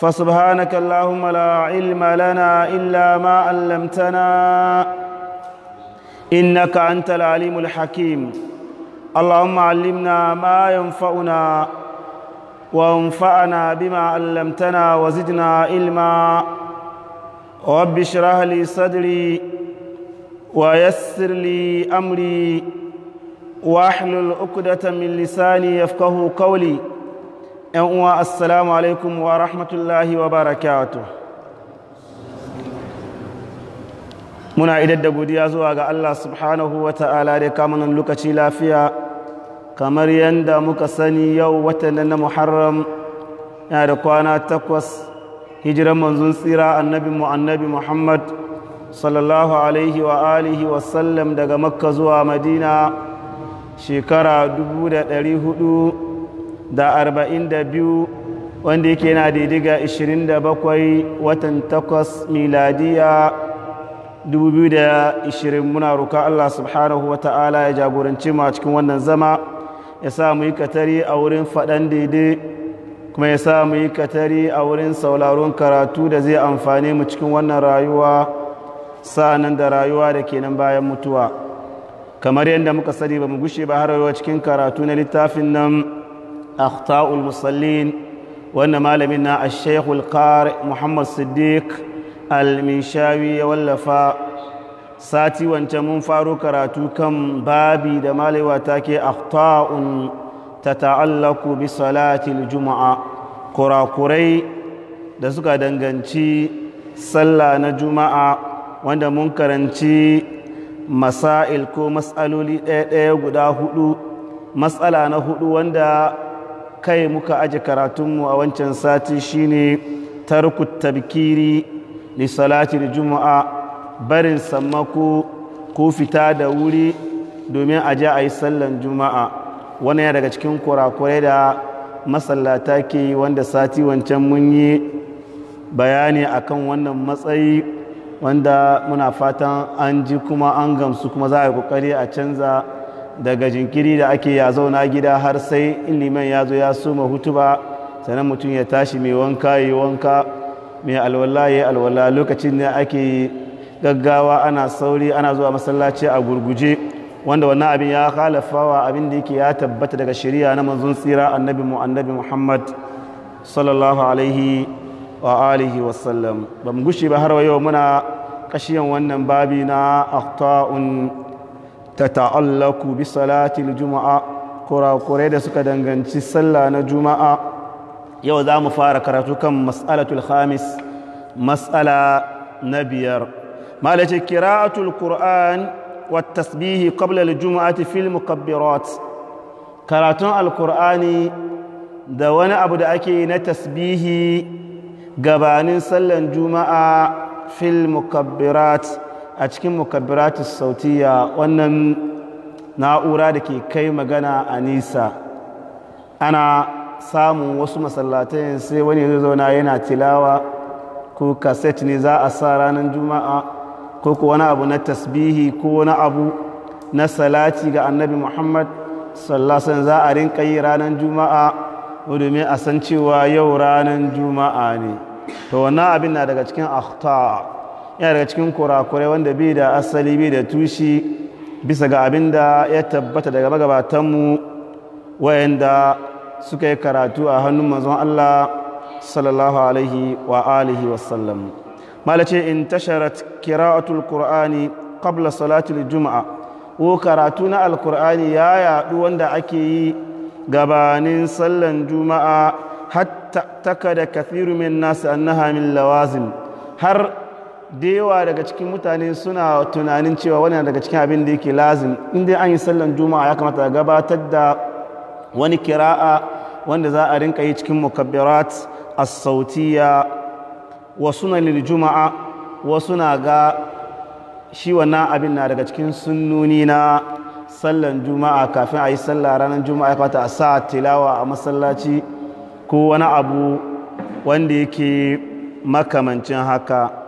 فسبحانك اللهم لا علم لنا إلا ما علمتنا إنك أنت العليم الحكيم اللهم علمنا ما ينفعنا وانفعنا بما علمتنا وزدنا علما رب اشرح لي صدري ويسر لي أمري واحلل عقدة من لساني يفقه قولي 'yan uwa assalamu alaikum wa rahmatullahi wa barakatu muna idar da gudiya zuwa ga Allah subhanahu wa ta'ala da kamunan lokaci lafiya kamar yadda muka sani yau watan na muharram yana da kwana takwas hijiran manzon tsira annabi mu annabi muhammad sallallahu alaihi wa alihi wa sallam daga makka zuwa madina shekara hudu. da arba'in da biyu wanda yake na daidiga ishirin da bakwai watan takwas miladiya dubu biyu da ishirin muna roƙa Allah subhanahu wa ta'ala ya jagoranci mu a cikin wannan zama ya sa mu yi katari a wurin faɗan daidai kuma ya sa mu yi katari a wurin sauraron karatu da zai amfani mu cikin wannan rayuwa sa'anan da rayuwa da kenan bayan mutuwa kamar yadda muka sani ba mu gushe ba har cikin karatu na littafin nan أخطاء المصلين وأن مالمنا الشيخ القارئ محمد صديق ya wallafa. sati wancan mun faro karatu kan babi da malewa take akhta'un tata'allaku bi salatil juma'a kurakurai da suka danganci sallah na juma'a wanda mun karanci masail ko matsaloli ɗaya-ɗaya guda hudu matsala na hudu wanda kai muka aje karatunmu a wancan sati shine tarku tabkiri li salatin juma'a barin sammako ko fita da wuri domin a je a yi sallan juma'a wani ya daga cikin kurakurai da masallata ke wanda sati wancan mun yi bayani akan wannan matsayi wanda muna fatan an ji kuma an gamsu kuma za a yi kokari a canza daga jinkiri da ake ya zauna gida har sai in liman ya zo ya suma hutuba sannan mutum ya tashi mai wanka ya wanka mai alwala ya alwala lokacin da ake gaggawa ana sauri ana zuwa masallaci a gurguje wanda wannan abin ya halafawa abin da yake ya tabbata daga shari'a na manzon tsira annabi mu annabi muhammad sallallahu alaihi wa alihi wasallam ba mu gushe ba har wa yau muna kashiyan wannan babi na aqta'un ta ta'allaku bi salatil juma'a kurakurai da suka danganci sallah na juma'a yau za mu fara karatu kan mas'alatul khamis mas'ala na biyar malace kira'atul qur'an wa tasbihi qabla al-jum'ati fil mukabbirat karatun alkur'ani da wani abu da ake na tasbihi gabanin sallan juma'a fil mukabbirat a cikin mukabbiratus sautiya wannan na'ura da ke kai magana a nisa ana samun wasu masallatai sai wani zai zauna yana tilawa ko kaset ne za a sa ranar juma'a ko ko wani abu na tasbihi ko wani abu na salati ga annabi muhammad sallasan za a rinka yi ranar juma'a domin a san cewa yau ranar juma'a ne to wannan abin na daga cikin akhtar yana daga cikin kurakurai wanda bai da asali bai da tushi bisa ga abin da ya tabbata daga magabatanmu wayanda suka yi karatu a hannun mazan Allah sallallahu alaihi wa alihi wasallam malace in tasharat kira'atul qur'ani qabla salatul juma'a ko karatu na Alkur'ani ya yaɗu wanda ake yi gabanin sallan juma'a hatta takada kathiru min nasi annaha min lawazim har da yawa daga cikin mutane suna tunanin cewa wani daga cikin abin da yake lazim inda an yi sallan juma'a ya kamata a gabatar da wani kira'a wanda za a rinka yi cikin mukabbirat as-sautiya wa sunan juma'a wa suna ga shi wannan abin na daga cikin sunnoni na sallan juma'a kafin a yi sallah ranar juma'a ya kamata a sa tilawa a masallaci ko wani abu wanda yake makamancin haka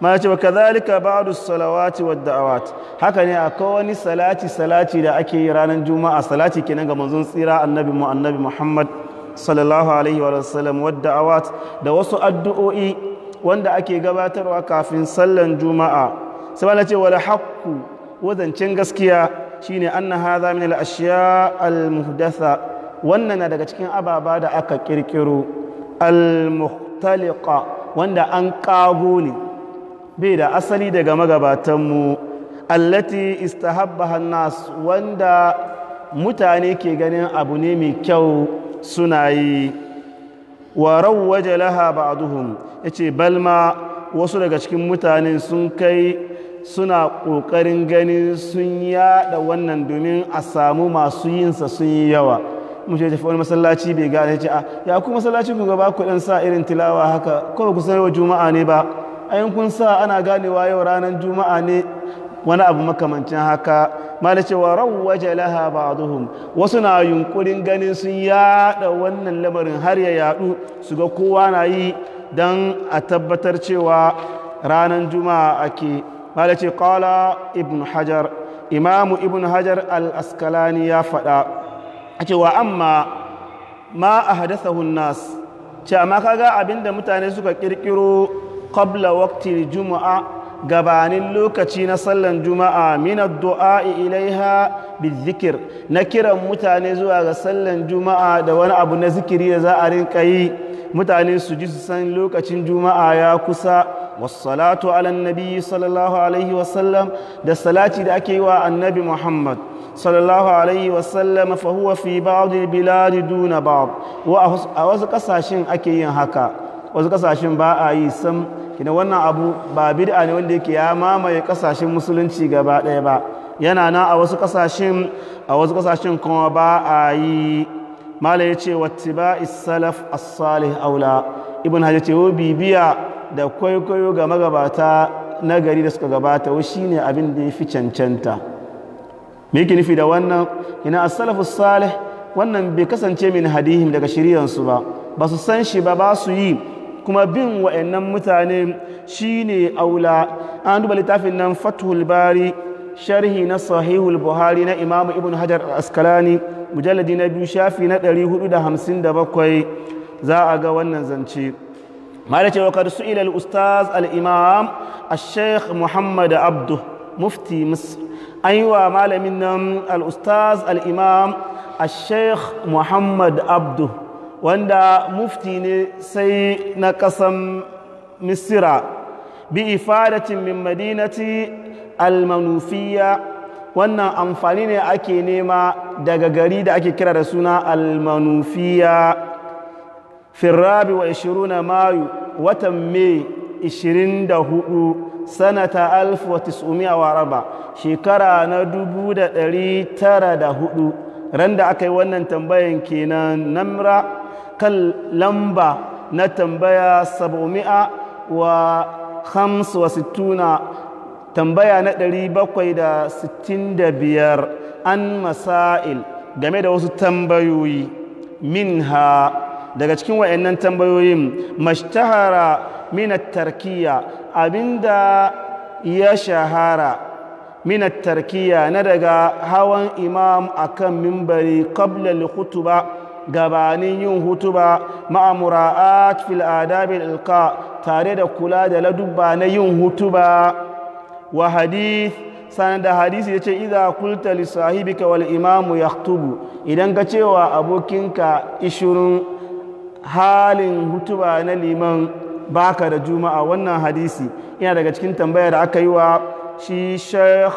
ma ya ce ba kazalika ba'du salawati wa da'awat haka ne akwai wani salati salati da ake yi ranar juma'a salati kenan ga manzon tsira annabi mu annabi muhammad sallallahu alaihi wa sallam wa da'awat da wasu addu'o'i wanda ake gabatarwa kafin sallan juma'a sai Allah ce wala haqqu wazancin gaskiya shine anna hadha min al-ashya al-muhdatha wannan na daga cikin ababa da aka kirkiro al muhtaliqa wanda an kago ne bai da asali daga magabatanmu allati istahabbahannas nas wanda mutane ke ganin abu ne mai kyau suna yi wa rawwaja laha ba'duhum yace balma wasu daga cikin mutane sun kai suna ƙoƙarin ganin sun yada wannan domin a samu masu yinsa sun yi yawa mun ce tafi wani masallaci bai gane ce a ah, ya ku masallaci ku gaba ku ɗan sa irin tilawa haka kawai ku yau juma'a ne ba ayin kun sa ana ganewa yau ranar juma'a ne wani abu makamancin haka mala cewa rawwaje laha ba'dhum wasu na yunkurin ganin sun yada wannan lamarin har ya yadu su ga kowa na yi don a tabbatar cewa ranar juma'a ake mala ce qala ibn hajar imamu ibn hajar al-askalani ya faɗa cewa amma ma a hadasa hunnas ce amma kaga abinda mutane suka kirkiro qabla waqtil juma'a gabanin lokaci na sallan juma'a min addu'a ilaiha bizikir na kiran mutane zuwa ga sallan juma'a da wani abu na zikiri da za a rinka yi mutane su ji su san lokacin juma'a ya kusa wasalatu ala nabi sallallahu alaihi wasallam da salati da ake yi wa annabi muhammad sallallahu alaihi wasallam fa huwa fi ba'd bilad duna ba'd wa a wasu kasashen ake yin haka wasu kasashen ba a yi sam kina wannan abu ba bid'a ne wanda yake ya mamaye kasashen musulunci gaba ɗaya ba yana na a wasu kasashen a wasu kasashen kuma ba a yi mala ya ce wattiba salaf as-salih aula ibn hajar ce bibiya da kwaikwayo ga magabata na gari da suka gabata wa shine abin da ya fi cancanta me yake nufi da wannan ina as-salaf as wannan bai kasance min hadihim daga shiriyansu ba ba su san shi ba ba su yi kuma bin wa'annan mutane shi ne aula an duba littafin nan fathul bari sharhi na sahihul buhari na imamu ibn hajar askalani mujalladi na biyu shafi na 457 za a ga wannan zance mala cewa kar su ilal ustaz al-imam sheikh muhammad abdu mufti misr an yi wa malamin nan al-ustaz al-imam al-sheikh muhammad abdu wanda mufti ne sai na ƙasan misira bi ifadatin min madinati almanufiya wannan amfani ne ake nema daga gari da ake kira da suna almanufiya firrabi wa 20 mayu watan mai 24 sanata 1904 shekara na 1904 ran da aka yi wannan tambayan kenan namra kan lamba na tambaya 765 tambaya na biyar an masail game da wasu tambayoyi minha daga cikin wa'annan tambayoyin mashtahara minat tarkiya abinda ya shahara minat tarkiya na daga hawan imam akan mimbari qabla al-khutbah gabanin yin hutuba a fil adabin ilka tare da kula da ladubba na yin hutuba wa hadith sanar da hadisi ya ce iza kulta li sahibika wal imamu yaktubu idan ka cewa abokinka ishirin halin hutuba na liman baka da juma'a wannan hadisi ina daga cikin tambayar da aka yi wa shi sheikh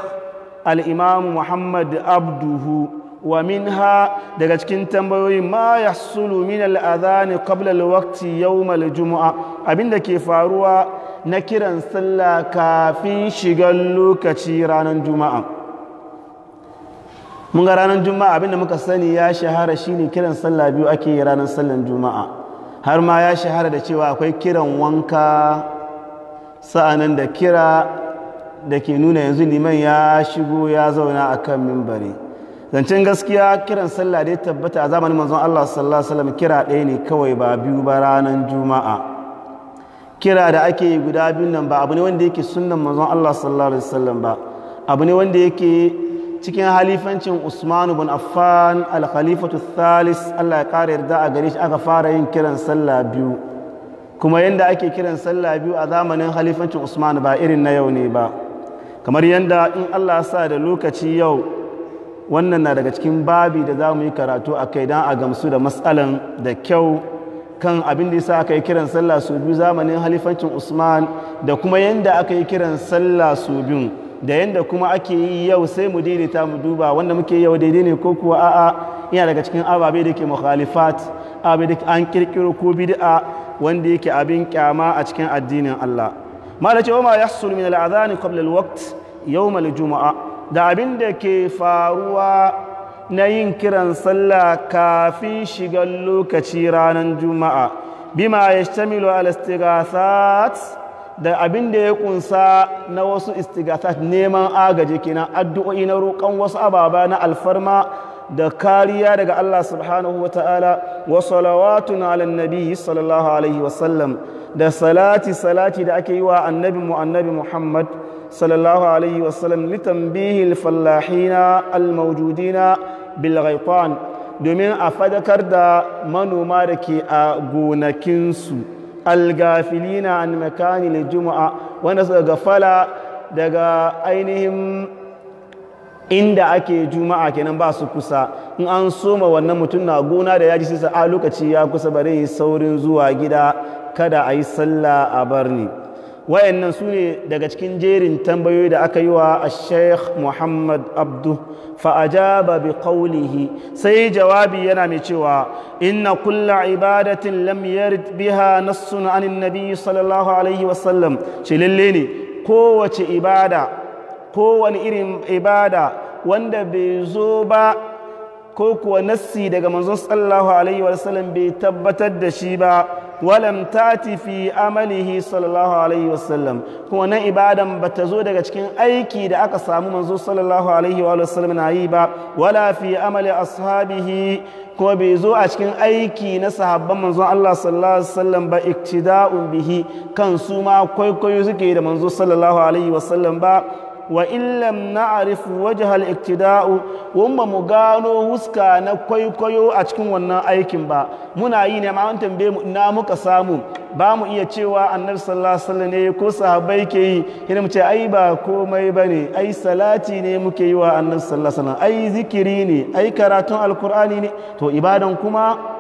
al'imamu muhammad abduhu wa ha daga cikin tambayoyi ma ya sulu min al'adhani qabla al-waqti yawm al abinda ke faruwa na kiran sallah kafin shigar lokaci ranar juma'a mun ga ranar juma'a abinda muka sani ya shahara shine kiran sallah biyu ake ranar sallan juma'a har ma ya shahara da cewa akwai kiran wanka sa'anan da kira da ke nuna yanzu liman ya shigo ya zauna akan mimbari zancen gaskiya kiran sallah da ya tabbata a zamanin manzon Allah sallallahu alaihi wasallam kira ɗaya ne kawai ba biyu ba ranar juma'a kira da ake yi guda biyun nan ba abu ne wanda yake sunnan manzon Allah sallallahu alaihi wasallam ba abu ne wanda yake cikin halifancin Usman bin Affan al-Khalifatu Thalis Allah ya kare yarda a gare shi aka fara yin kiran sallah biyu kuma yanda ake kiran sallah biyu a zamanin halifancin Usman ba irin na yau ne ba kamar yanda in Allah ya sa da lokaci yau wannan na daga cikin babi da za mu yi karatu a kai don a gamsu da matsalan da kyau kan abin da yasa aka yi kiran sallah su biyu zamanin halifancin usman da kuma yanda aka yi kiran sallah su biyu da yanda kuma ake yi yau sai mu daidaita mu duba wanda muke yau daidai ne ko kuwa a'a ina daga cikin ababe da ke mukhalifat ababe da an kirkiro ko bid'a wanda yake abin kyama a cikin addinin Allah ma da cewa ma yahsul min al-adhan qabla al-waqt yawm al-jumu'ah da abin da ke faruwa na yin kiran sallah kafin shigar lokaci ranar juma'a bima ya shtamilu al-istighathat da abin da ya kunsa na wasu istighathat neman agaji kenan addu'o'i na roƙon wasu ababa na alfarma da kariya daga Allah subhanahu wata'ala wa salawatun ala nabi sallallahu alaihi wasallam da salati salati da ake yi wa annabi mu annabi Muhammad صلى الله عليه وسلم لتنبيه الفلاحين الموجودين بالغيطان domin a fadakar da manoma da ke a gonakinsu algafilina makani makanil juma'a wanda suka gafala daga ainihin inda ake juma'a kenan ba su kusa in an soma wannan mutum na gona da ya ji sisa a lokaci ya kusa yi saurin zuwa gida kada a yi sallah a barni wayannan su ne daga cikin jerin tambayoyi da aka yi wa sheikh muhammad abdu fa'ajaba bi qawlihi sai jawabi yana mai cewa inna kulla ibadatin lam yarid biha nassun anin nabi sallallahu alaihi wasallam ce lalle ne kowace ibada kowane irin ibada wanda bai zo ba ko kuwa nassi daga manzon sallallahu alaihi wasallam bai tabbatar da shi ba walam tati fi amalihi sallallahu alaihi wasallam kuma nan ibadan bata zo daga cikin aiki da aka samu manzo sallallahu alaihi wa sallam na yi ba wala amali ashabihi kuma bai zo a cikin aiki na sahabban manzo Allah sallallahu alaihi wasallam ba iktida'un bihi kan su ma kwaikwayo suke da manzo ba wa illam na'rif wajha al-iktida'u ba mu gano huska na kwaikwayo a cikin wannan aikin ba muna yi ne ma an tambaye mu ina muka samu ba mu iya cewa annabi sallallahu alaihi wasallam ne ko sahabbai ke yi idan mu ce ai ba komai bane ai salati ne muke yi wa annabi sallallahu alaihi wasallam ai zikiri ne ai karatun alqur'ani ne to ibadan kuma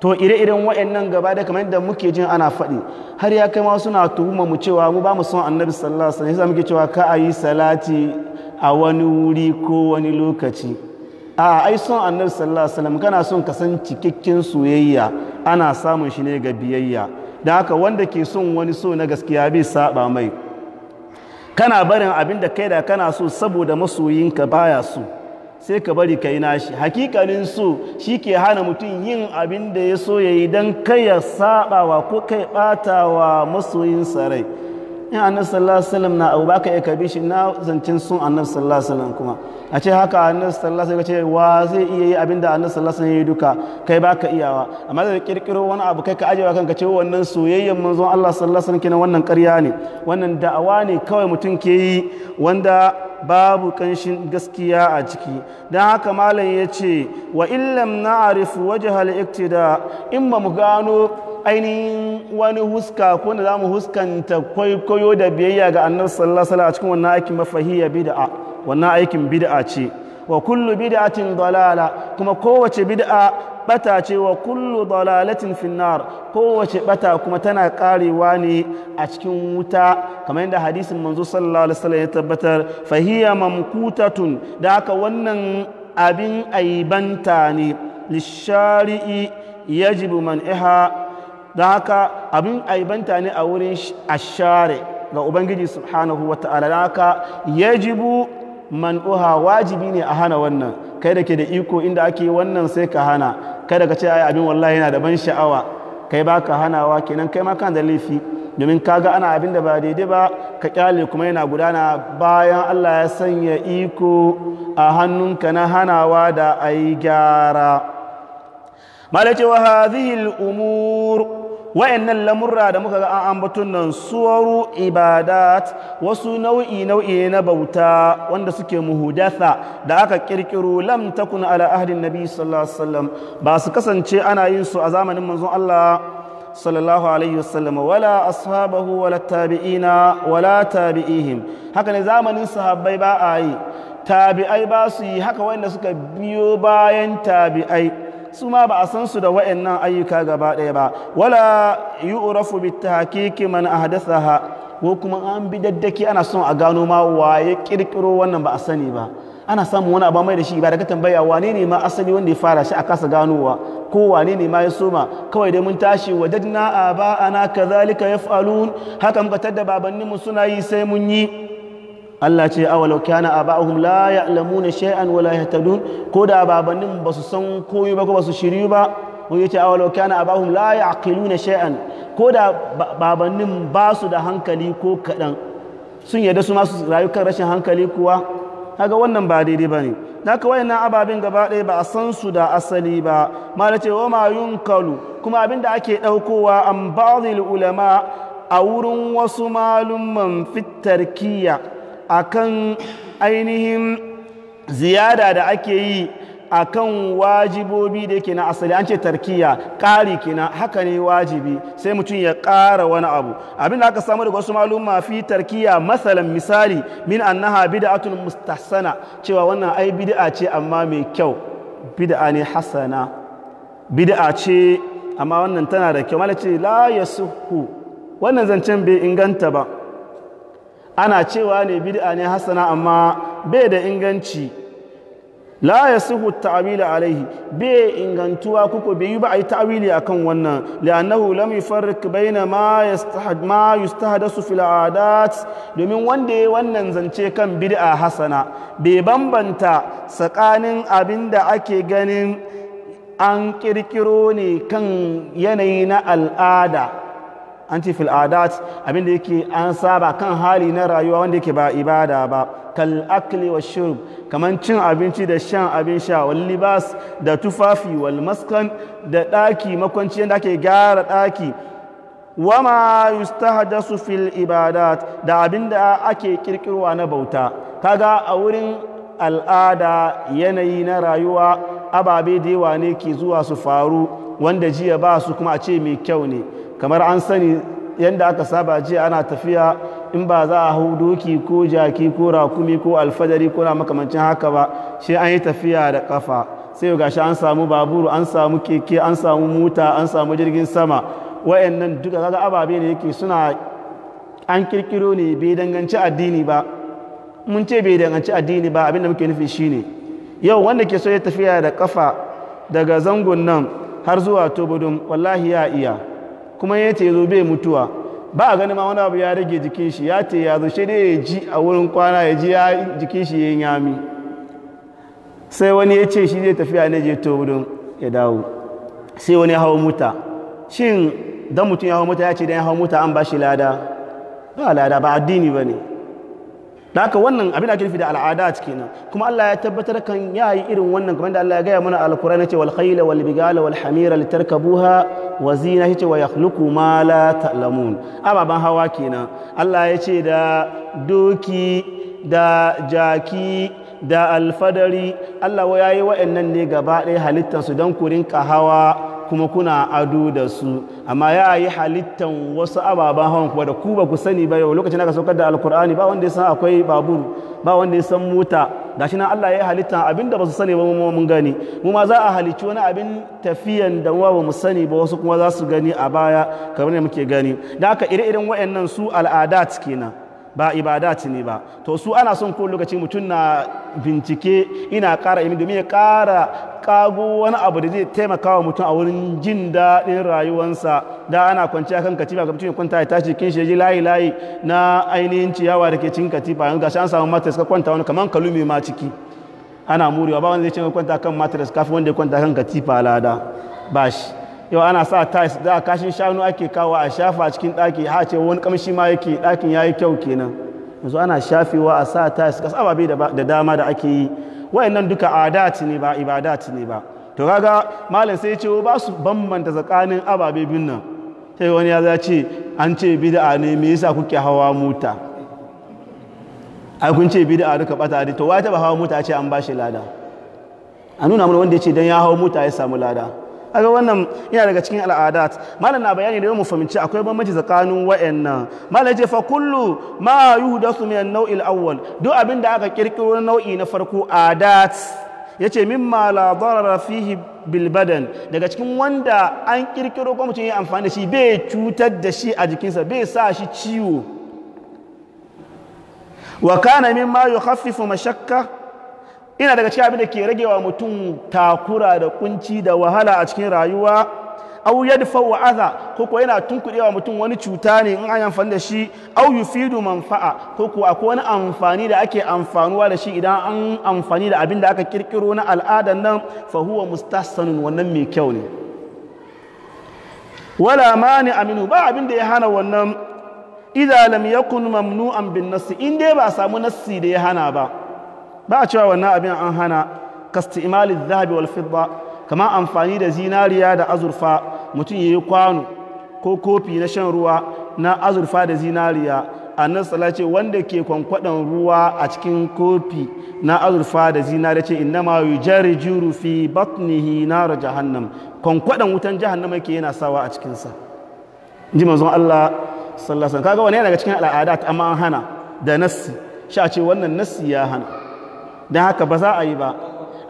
to ire-iren nan gaba da kamar yadda muke jin ana faɗi har ya kai ma suna tuhuma mu cewa mu ba mu son annabi sallallahu alaihi wasallam muke cewa ka ayi salati a wani wuri ko wani lokaci a ai son annabi sallallahu alaihi wasallam kana son ka san cikakken soyayya ana samun shi ne ga biyayya da haka wanda ke son wani so na gaskiya bai saba mai kana barin abin da kai da kana so saboda masoyinka baya so sai ka bari ka yi nashi hakikanin so shi ke hana mutum yin abin da ya so ya yi don kai ya saɓawa ko kai ɓatawa masoyinsa rai in annabi sallallahu alaihi wasallam na abu baka ya kabi shi na zancin sun annabi sallallahu alaihi wasallam kuma a ce haka annabi sallallahu alaihi wasallam wa zai iya yi abinda annabi sallallahu alaihi wasallam ya yi duka kai baka iyawa amma da kirkiro wani abu kai ka ajewa kanka ce wannan soyayyen manzon Allah sallallahu alaihi wasallam kenan wannan ƙarya ne wannan da'awa ne kawai mutum ke yi wanda babu kanshin gaskiya a ciki don haka malam ya ce wa illam na arifu wajen iktida da in ba mu gano ainihin wani huska ko da za mu huskanta kwaikwayo da biyayya ga annar sallasala a cikin wannan aikin mafahiyya bid'a wannan aikin bid'a ce wa kullu bid'atin dalala kuma kowace bid'a bata ce wa kullu dalalatin finnar kowace bata kuma tana karewa ne a cikin wuta kamar yadda hadisin manzo sallallahu alaihi ya tabbatar fahiya mamkutatun da haka wannan abin aibanta ne lishari'i yajibu man'iha don haka abin aibanta ne a wurin ashare ga ubangiji subhanahu wa ta'ala haka yajibu uha wajibi ne a hana wannan kai da ke da iko inda ake wannan sai ka hana kai daga ce ai abin wallahi yana da ban sha'awa kai ba ka hanawa kenan kai ma kan da laifi domin kaga ana abin da ba daidai ba ka kyale kuma yana gudana bayan Allah ya sanya iko a hannunka na hanawa da ai gyara malace wa hadhihi al-umur wayannan lamurra da muka ga an ambatun nan suwaru ibadat wasu nau'i nau'i na bauta wanda suke muhudatha da aka kirkiro lam takun ala ahdin nabi sallallahu alaihi wasallam ba su kasance ana yin su a zamanin manzon Allah sallallahu alaihi wasallam wala ashabahu wala tabi'ina wala tabi'ihim haka ne zamanin sahabbai ba a yi tabi'ai ba su yi haka wanda suka biyo bayan tabi'ai su ma ba a san su da wa'annan ayyuka gaba ɗaya ba wala yi urafu mana bitahqiqi man ha ko kuma an bi daddaki ana son a gano ma waye kirkiro wannan ba a sani ba ana samun wani abu mai da shi ba daga tambaya wane ne ma asali wanda ya fara shi a kasa ganowa ko wane ne ma ya soma kawai dai mun tashi wajadna aba ana kazalika yaf'alun haka muka tadda babanninmu suna yi sai mun yi Allah ce a awalau kana aba'uhum la na sha'an wala yahtadun ko da babannin ba su san koyi ba ko ba su shiryu ba ko yace awalau kana aba'uhum la na sha'an. ko da babannin ba su da hankali ko kadan sun yarda su masu rayukan rashin hankali kuwa Haga wannan ba daidai ba bane haka wayannan ababin gaba ɗaya ba a san su da asali ba mala ce wama yun kalu kuma abin da ake ɗaukowa an ba'dil ulama a wurin wasu malumman fitarkiya akan ainihin ziyada da ake yi akan wajibobi da yake na asali an ce tarkiya ƙari na haka ne wajibi sai mutum ya ƙara wani abu abin da aka samu daga wasu maluma fi tarkiya masalan misali min annaha bid'atul mustahsana cewa wannan ai bid'a ce amma mai kyau bid'a ne hasana bid'a ce amma wannan tana da kyau malace la yasuhu wannan zancen bai inganta ba ana cewa ne bid'a ne hasana amma bai da inganci la suhu ta'wil alaihi bai ingantuwa kuko bai yi ba ai ta'wili akan wannan li'annahu lam yufarriq baina ma yastahad ma yustahdasu fil adat domin wanda ya wannan zance kan bid'a hasana bai bambanta tsakanin abinda ake ganin an kirkiro ne kan yanayi na al'ada an ce fil adat abinda yake an saba kan hali na rayuwa wanda yake ba ibada ba kal akli wa shurb kaman cin abinci da shan abin sha wal libas da tufafi wal maskan da daki makwanci yanda ake gyara daki ma yustahdasu fil ibadat da abinda ake kirkirwa na bauta kaga a wurin al'ada yanayi na rayuwa ababe da yawa ne ke zuwa su faru wanda jiya ba su kuma a ce mai kyau ne kamar an sani yadda aka saba ce ana tafiya in ba za a hau doki ko jaki ko rakumi ko alfajari ko na makamancin haka ba shi an yi tafiya da kafa sai ga shi an samu baburu an samu keke an samu mota an samu jirgin sama wayannan duka kaga ababe ne yake suna an kirkiro ne bai danganci addini ba mun ce bai danganci addini ba abinda muke nufi shine yau wanda ke so ya tafiya da kafa daga zangon nan har zuwa tobudun wallahi ya iya kuma ya ce zo bai mutuwa ba a gani ma wani abu ya rage jikin shi ya ce ya zo shi dai ya ji a wurin kwana ya ji ya jikin shi ya yami sai wani ya ce shi zai tafiya ne je to wurin ya dawo sai wani ya hau muta shin dan mutum ya hau mota ya ce dan ya hau muta an ba shi lada ba lada ba addini ba ne da haka wannan abin ake nufi da al'ada a ciki nan kuma Allah ya tabbatar kan ya irin wannan kamar da Allah ya gaya mana alkurani ce wal khayla wal bigala wal hamira litarkabuha wa zina ce wa yakhluqu ma la ta'lamun ababan hawa kenan Allah ya ce da doki da jaki da alfadari Allah ya yi wa'annan ne gaba ɗaya halittarsu don ku rinka hawa kuma kuna ado da su amma ya yi halittan wasu ababen hawan kuwa da ku ba ku sani ba yau lokacin aka saukar da alkur'ani ba wanda ya san akwai babur ba wanda ya san mota shi nan Allah ya yi halitta abinda ba su sani ba mu mun gani mu ma za a halicci wani abin tafiyan da wa ba mu sani ba wasu kuma za su gani a baya kamar da muke gani da haka ire-iren waɗannan su al'adat kenan ba ibadat ne ba to su ana son ko lokaci mutum na bincike ina ƙara imi domin ya ƙara ƙago wani abu da zai taimaka wa mutum a wurin jin daɗin rayuwansa da ana kwanci kan katifa ga mutum ya kwanta ya tashi kin shi layi layi na ainihin ciyawa da ke cikin katifa yanzu shi an samu matres ka kwanta wani kamar kalumi ma ciki ana murewa ba wanda zai ce kwanta kan matres kafin wanda ya kwanta kan katifa lada ba shi yau ana sa tais da kashin shanu ake kawo a shafa cikin ɗaki ha ce wani kamshi ma yake ɗakin ya yi kyau kenan yanzu ana shafewa a sa tais kas ababe da dama da ake yi wayannan duka dati ne ba dati ne ba to kaga malam sai ce ba su bambanta tsakanin ababe bin nan sai wani ya za ce an ce bid'a ne me yasa kuke hawa mota ai kun ce bid'a duka bata to wai ta ba hawa mota ce an bashi lada a nuna mana wanda ya ce dan ya hawa mota ya samu lada aga wannan yana daga cikin al'adat malam na bayani da mu fahimci akwai bambanci tsakanin wa'annan malam ce fa kullu ma yuhdathu min an-naw'il awwal duk abin da aka kirkiro nau'i na farko adat yace mimma la darara fihi bil badan daga cikin wanda an kirkiro ko mutum ya amfani da shi bai cutar da shi a jikinsa bai sa shi ciwo wa kana mimma yukhaffifu mashakka ina daga cikin abin da ke ragewa mutum takura da kunci da wahala a cikin rayuwa au yadda wa aza ko kuwa yana tunkudewa mutum wani cuta ne in an amfani da shi au yi yufidu manfa'a ko ko akwai wani amfani da ake amfanuwa da shi idan an amfani da abin da aka kirkiro na al'adar nan fa huwa wannan mai kyau ne wala ma ne aminu ba abin da ya hana wannan ya kun yakun mamnu'an bin nasi in dai ba samu nasi da ya hana ba ba a cewa wannan abin an hana kasta kastimali zahabi wal fidda kama amfani da zinariya da azurfa mutum yayi kwano ko kofi na shan ruwa na azurfa da zinariya a nan ce wanda ke kwankwadan ruwa a cikin kofi na azurfa da zinariya ce inna ma juru fi batnihi nar jahannam kwankwadan wutan jahannama yake yana sawa a cikin sa ji manzon Allah sallallahu alaihi wasallam kaga wani daga cikin al'adat amma an hana da nassi sha ce wannan nassi ya hana da haka ba za a yi ba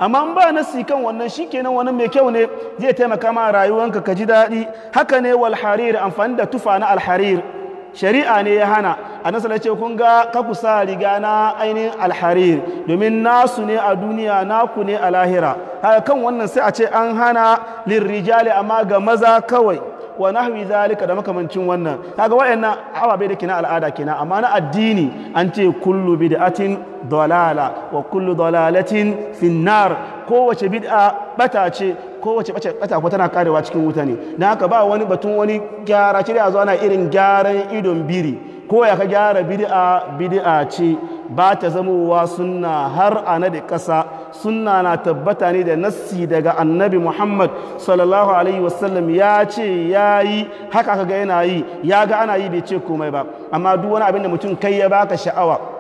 amma ba nasi kan wannan shikenan wani mai kyau ne zai taimaka ma rayuwanka ka ji daɗi haka ne wal amfani da tufa na alharir shari'a ne ya hana a nasala ce kun ga kaku sa riga na ainihin alharir domin nasu ne a duniya naku ne a lahira haka kan wannan sai a ce an hana lirrijali amma ga maza kawai wa nahwi zalika da makamancin wannan kaga wayannan ababe da kina al'ada kina amma na addini an ce kullu bid'atin dalala wa kullu dalalatin finnar kowace bid'a bata ce kowace bace bata ko tana karewa cikin wuta ne dan haka ba wani batun wani gyara ce da zo ana irin gyaran idon biri ko ya ka gyara bid'a bid'a ce ba ta zamowa sunna har a nadi ƙasa sunna na tabbata ne da nassi daga annabi muhammad sallallahu alaihi wasallam ya ce ya yi haka ga yana yi ya ga ana yi bai ce komai ba amma duk wani abin da mutum kai ya baka sha'awa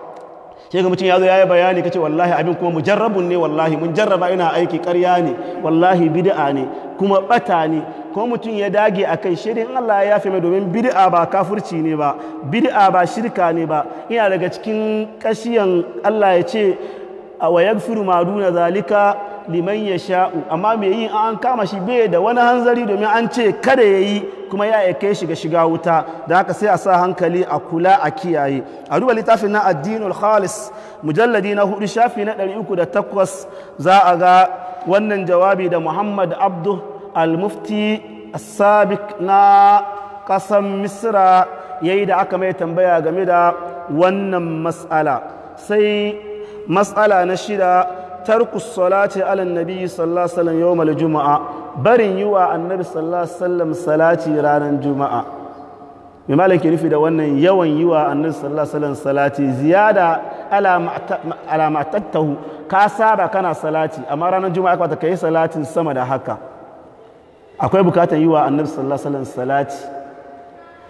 sai ga mutum ya zo ya yi bayani ka ce wallahi abin kuma mujarrabun ne wallahi mun jarraba ina aiki karya ne wallahi bid'a ne kuma bata ne kuma mutum ya dage a kai shirin Allah ya yafe mai domin bid'a ba kafurci ne ba bid'a ba shirka ne ba ina daga cikin kashiyan Allah ya ce a wayan firma duna zalika liman ya sha'u amma mai yi an kama shi bai da wani hanzari domin an ce kada ya yi kuma ya aike shi ga shiga wuta da haka sai a sa hankali a kula a kiyaye a duba littafin na addinul khalis mujalladi na hudu shafi na 308 za a ga wannan jawabi da muhammad abdu al-mufti sabik na kasan misra ya yi da aka mai tambaya game da wannan matsala sai matsala na shida tarku salati ala nabi sallallahu alaihi wasallam yawmal juma'a barin yuwa annabi sallallahu alaihi wasallam salati ranar juma'a mai malam ke nufi da wannan yawan yuwa annabi sallallahu alaihi wasallam salati ziyada ala ma'tattahu ka saba kana salati amma ranar juma'a ka kai salatin sama da haka akwai bukatar yuwa annabi sallallahu alaihi wasallam salati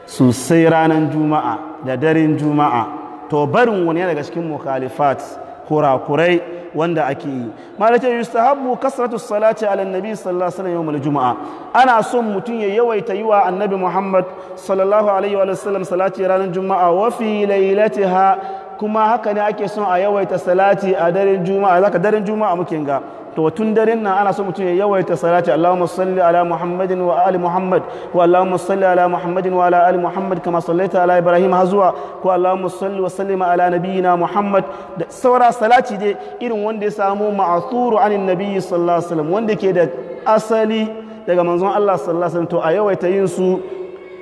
sosai ranar juma'a da daren juma'a to barin wani daga cikin mukhalifat kurakurai wanda ake yi malaka yustahabbu kasratu salati ala annabi sallallahu alaihi wasallam yawmal juma'a ana son mutum ya yawaita yi wa annabi muhammad sallallahu alaihi wa sallam salati ranar juma'a wa fi lailatiha kuma haka ne ake son a yawaita salati a daren juma'a zaka daren juma'a muke ga to tun daren nan ana so mutum ya yawaita salati Allahumma salli ala Muhammadin wa ali Muhammad ko Allahumma salli ala Muhammadin wa ala ali Muhammad kama sallaita ala Ibrahim hazuwa zuwa ko Allahumma salli wa sallima ala nabiyina Muhammad da saura salati dai irin wanda ya samu ma'thuru anin nabiyyi sallallahu alaihi wasallam wanda ke da asali daga manzon Allah sallallahu alaihi wasallam to a yawaita yin su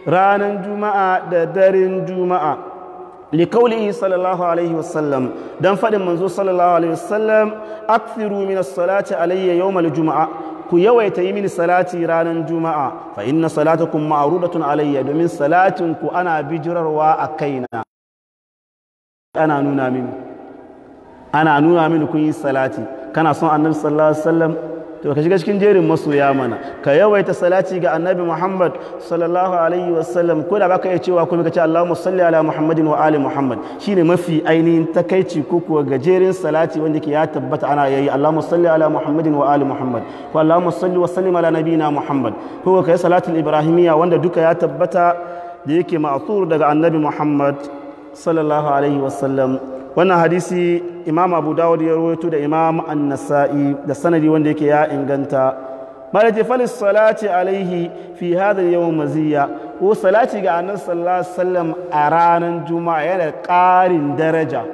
ranan juma'a da daren juma'a لقوله صلى الله عليه وسلم دان فدن منزو صلى الله عليه وسلم أكثروا من الصلاة علي يوم الجمعة ku yawaita yi mini salati ranar juma'a fa inna salatakum ma'rudatun alayya domin salatin ku ana bijirarwa a kaina ana nuna mini ana nuna mini kun yi salati kana son annabi sallallahu alaihi wasallam to ka shiga cikin jerin masoya mana ka yawaita salati ga annabi muhammad sallallahu alaihi wasallam ko da baka iya cewa ko ka ce allahumma salli ala muhammadin wa ali muhammad shine mafi ainihin takaici ko kuwa gajeren salati wanda ke ya tabbata ana yayi allahumma salli ala muhammadin wa ali muhammad ko allahumma salli wa sallim ala nabiyina muhammad ko ka yi salatul ibrahimiyya wanda duka ya tabbata da yake ma'thur daga annabi muhammad sallallahu alaihi wasallam wannan hadisi imam abu dawud ya rawaito da imam an-nasa'i da sanadi wanda yake ya inganta malaji falis salati alaihi fi hadha yawm maziya ko salati ga annabi sallallahu alaihi a ranar juma'a yana ƙarin daraja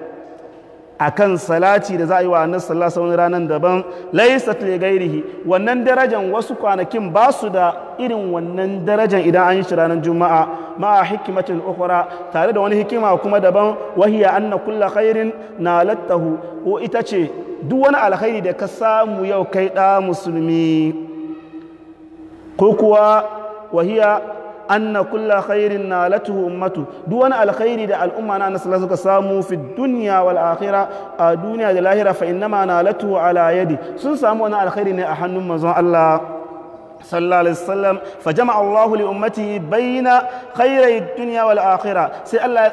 akan salaci da za a yi wa annabi sallallahu wani ranar daban laisa gairihi wannan darajan wasu kwanakin ba su da irin wannan darajan idan an yi shi ranar juma'a ma hikimatin ukura tare da wani hikima kuma daban wahiya anna kulla khairin lattahu ko ita ce duk wani alkhairi da ka samu yau kai ɗa musulmi ko kuwa wahiya anna kulla khairin nalatuhu ummatu duk wani alkhairi da al'umma na nasala suka samu fi duniya wal akhira a duniya da lahira fa innama nalatuhu ala yadi sun samu wani alkhairi ne a hannun manzon Allah sallallahu alaihi wasallam fa jama'a Allahu li ummati bayna khairai dunya wal akhira sai Allah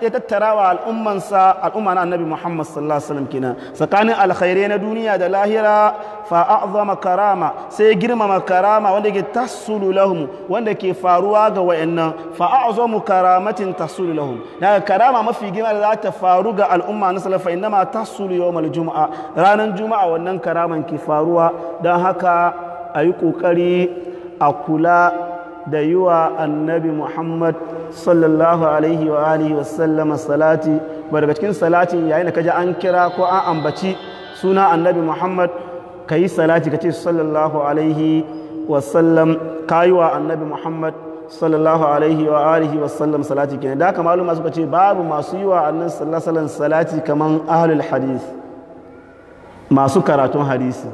ya tattara wa al'ummansa al'umma na annabi muhammad sallallahu alaihi wasallam kenan tsakanin alkhairai na duniya da lahira fa a'zama karama sai girmama karama wanda ke tasulu lahum wanda ke faruwa ga wayannan fa a'zamu karamatin tasulu lahum daga karama mafi girma da za ta faru ga al'umma na salafa tasulu yawmal juma'a ranar juma'a wannan karaman ke faruwa don haka a yi kokari a kula da yi wa annabi muhammad sallallahu alaihi wa alihi wasallama salati ba daga cikin salatin yayin da kaji an kira ko an ambaci suna annabi muhammad ka yi salati ka ce sallallahu alaihi wasallam ka yi wa annabi muhammad sallallahu alaihi wa alihi wasallam salati kenan da haka malu masu ce babu masu yi wa annan sallallahu salati kaman ahlul hadith masu karatun hadisi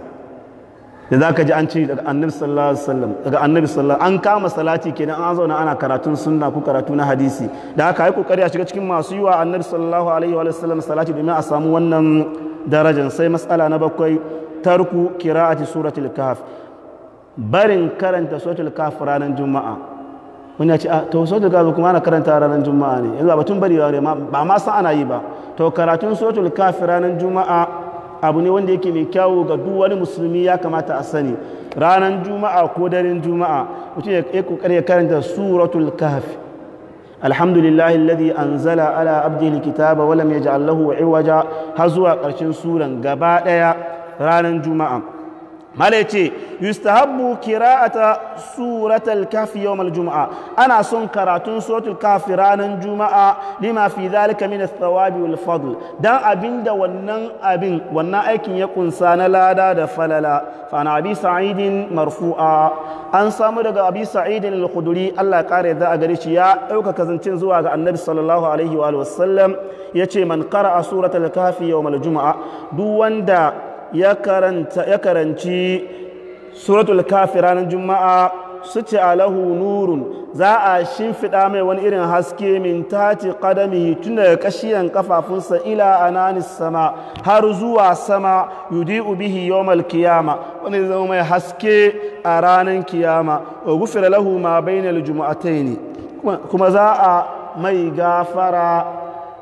da za ka ji an ci daga annabi sallallahu alaihi wasallam daga annabi sallallahu an kama salati kenan an zauna ana karatun sunna ko karatu na hadisi da haka yi kokari a shiga cikin masu yi wa annabi sallallahu alaihi wasallam salati domin a samu wannan darajar sai matsala na bakwai tarku qira'ati suratul kahf barin karanta suratul kahf ranar juma'a wani ya ce a ah, to suratul kahf kuma ana karanta ranar juma'a ne yanzu ba batun bari ba ma san ana yi ba to karatun suratul kahf ranar juma'a abu ne wanda yake mai kyawo ga duk wani musulmi ya kamata a sani ranar juma'a ko daren juma'a mutum ya yi ya karanta suratul kahafi. kahf alhamdulillah alladhi anzala ala abdihi alkitaba wa lam yaj'al lahu iwaja har zuwa karshen suran gaba ɗaya ranar juma'a mala ce yustahabbu qira'ata suratul kafi yawmal juma'a ana son karatun suratul kafi ranar juma'a lima fi zalika min thawabi wal fadl dan abinda wannan abin wannan aikin ya kunsa na lada da falala fa na abi sa'idin marfu'a an samu daga abi sa'idin al-khudri Allah kare da a gare shi ya dauka kazancin zuwa ga annabi sallallahu alaihi wa sallam yace man qara'a suratul kafi yawmal juma'a duk wanda ya karanci suratul kafi ranar juma'a su ce alahu nurun za a shimfiɗa mai wani irin haske min tati ƙadami tun daga ƙashiyan ƙafafunsa ila ananis sama har zuwa sama yudi bihi yawmal kiyama wani zama mai haske a ranar kiyama wa gufira lahu ma bainal ne. kuma za a mai gafara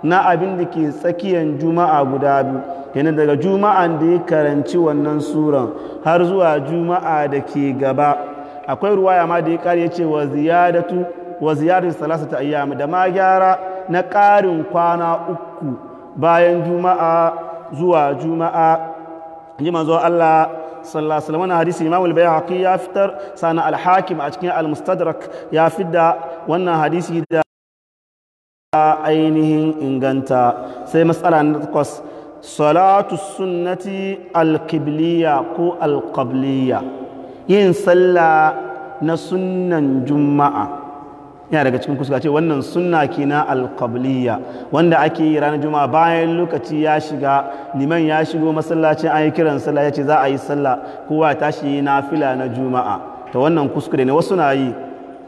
na abin da ke tsakiyar juma'a guda biyu yana daga juma'an da ya karanci wannan suran har zuwa juma'a da ke gaba akwai ruwaya ma da ya kare ce wa ziyadatu wa ziyadatu ta ayyam da ma gyara na karin kwana uku bayan juma'a zuwa juma'a ji manzo Allah sallallahu alaihi wasallam hadisi ya fitar sana al-Hakim a cikin al-Mustadrak ya fidda wannan hadisi da ainihin inganta sai matsala na takwas salatu sunnati alkibliya ko alkabliya yin sallah na sunnan juma'a yana daga cikin kusa ce wannan sunna kina alkabliya wanda ake yi ranar juma'a bayan lokaci ya shiga liman ya shigo masallacin an yi kiran sallah ya ce za a yi sallah kowa ya tashi na fila na juma'a ta wannan kuskure ne wasu na yi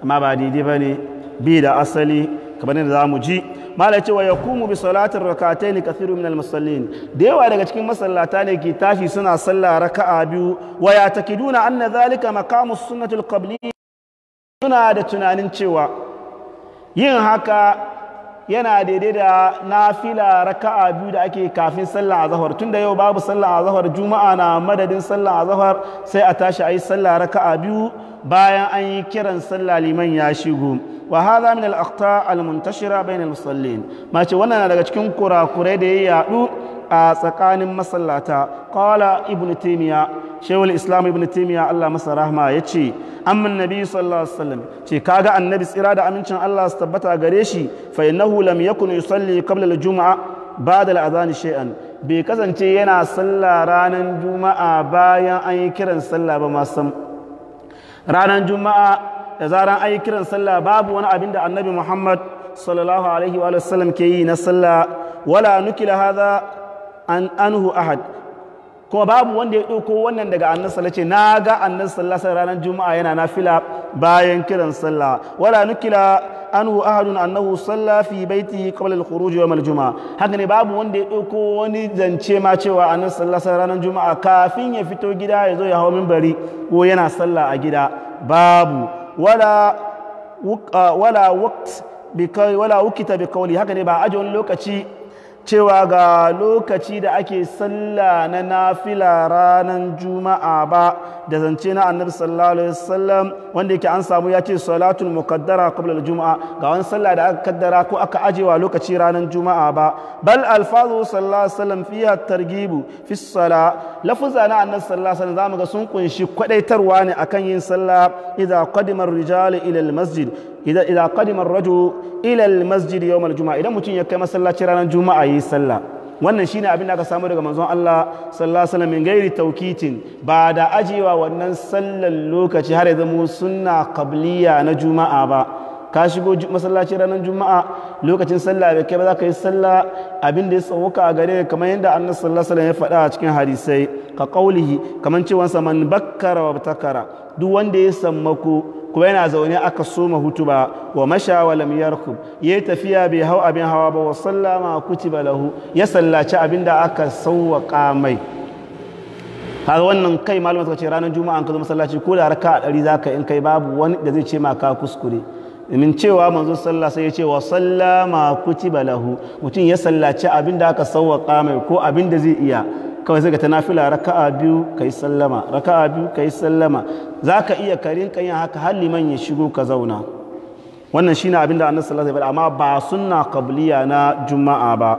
amma ba daidai ba ne bi da asali kamar yadda zamu ji malai cewa ya kumu bi salatin rakatai ne kafiru min almusallin da yawa daga cikin masallata ne ke tashi suna sallah raka'a biyu wa ya takiduna anna zalika maqamu sunnatul qabli suna da tunanin cewa yin haka yana daidai da nafila raka'a biyu da ake kafin sallah azhar tunda yau babu sallah azhar juma'a na madadin sallah azhar sai a tashi a yi sallah raka'a biyu bayan an yi kiran sallah liman ya shigo wa hadha min al-aqta al-muntashira bain musallin mace wannan na daga cikin kurakurai da ya yadu a tsakanin masallata qala ibnu taymiya shaykhul islam ibnu taymiya Allah masa rahma yace amman nabi sallallahu alaihi wasallam ce kaga annabi tsira da amincin Allah su tabbata gare shi fa innahu lam yakun yusalli qabla al-jum'a ba'da al-adhan shay'an bai kasance yana sallah ranar juma'a bayan an yi kiran sallah ba masam ranar juma'a da zaran an yi kiran sallah babu wani abin da annabi muhammad sallallahu alaihi wa sallam ke yi na sallah wala nukila hadha an anhu ahad kuma babu wanda ya ɗauko wannan daga annan sallah ce na ga sallah sai ranar juma'a yana nafila bayan kiran sallah wala nukila anhu ahadun annahu salla fi baiti qabla al-khuruj yawm al-juma'a haka babu wanda ya ɗauko wani zance ma cewa sallah sai ranar juma'a kafin ya fito gida ya zo ya hawo minbari ko yana sallah a gida babu wala ah, wala waqt bi wala ukita bi qawli haka ne ba aje wani lokaci cewa ga lokaci da ake sallah na nafila ranar juma'a ba da zance na annabi sallallahu alaihi wasallam wanda yake an samu ya ce salatul muqaddara qabla al-juma'a ga wani sallah da aka kaddara ko aka ajewa lokaci ranar juma'a ba bal alfazu sallallahu alaihi wasallam fiha targibu fi sala lafuza na annabi sallallahu alaihi wasallam zamu ga sun kunshi kwadaitarwa ne akan yin sallah idza qadima ar-rijal ila al-masjid Idan qadima ar-rajul ila al-masjid yawm al-juma'a idan mutum ya kai masallaci ranar juma'a yi sallah wannan shine abin da aka samu daga manzon Allah sallallahu alaihi wasallam min gairi tawkitin ba da ajewa wannan sallar lokaci har ya zama sunna qabliya na juma'a ba ka shigo masallaci ranar juma'a lokacin sallah bai kai ba za ka yi sallah abin da ya sauka a gare kamar yadda annabi sallallahu alaihi ya faɗa a cikin hadisai ka qaulihi kamar cewa sa man bakkara wa takara duk wanda ya sammako kuma yana zaune aka soma hutuba wa masha wa lam yarkub yayi tafiya bai hau abin hawa ba wa sallama kutiba lahu ya sallaci abin da aka sauwaka mai kaga wannan kai malama suka ce ranar juma'a an ka zo masallaci ko da ka a ɗari zaka in kai babu wani da zai ce ma ka kuskure min cewa manzo sallah sai ya ce wa sallama kutiba lahu mutum ya sallaci abin da aka sawwaka mai ko abin da zai iya kawai sai ka ta nafila raka'a biyu kai sallama raka'a biyu kai sallama zaka iya karin kan haka har liman ya shigo ka zauna wannan shine abin da annabi sallallahu alaihi wasallam amma ba sunna qabliya na juma'a ba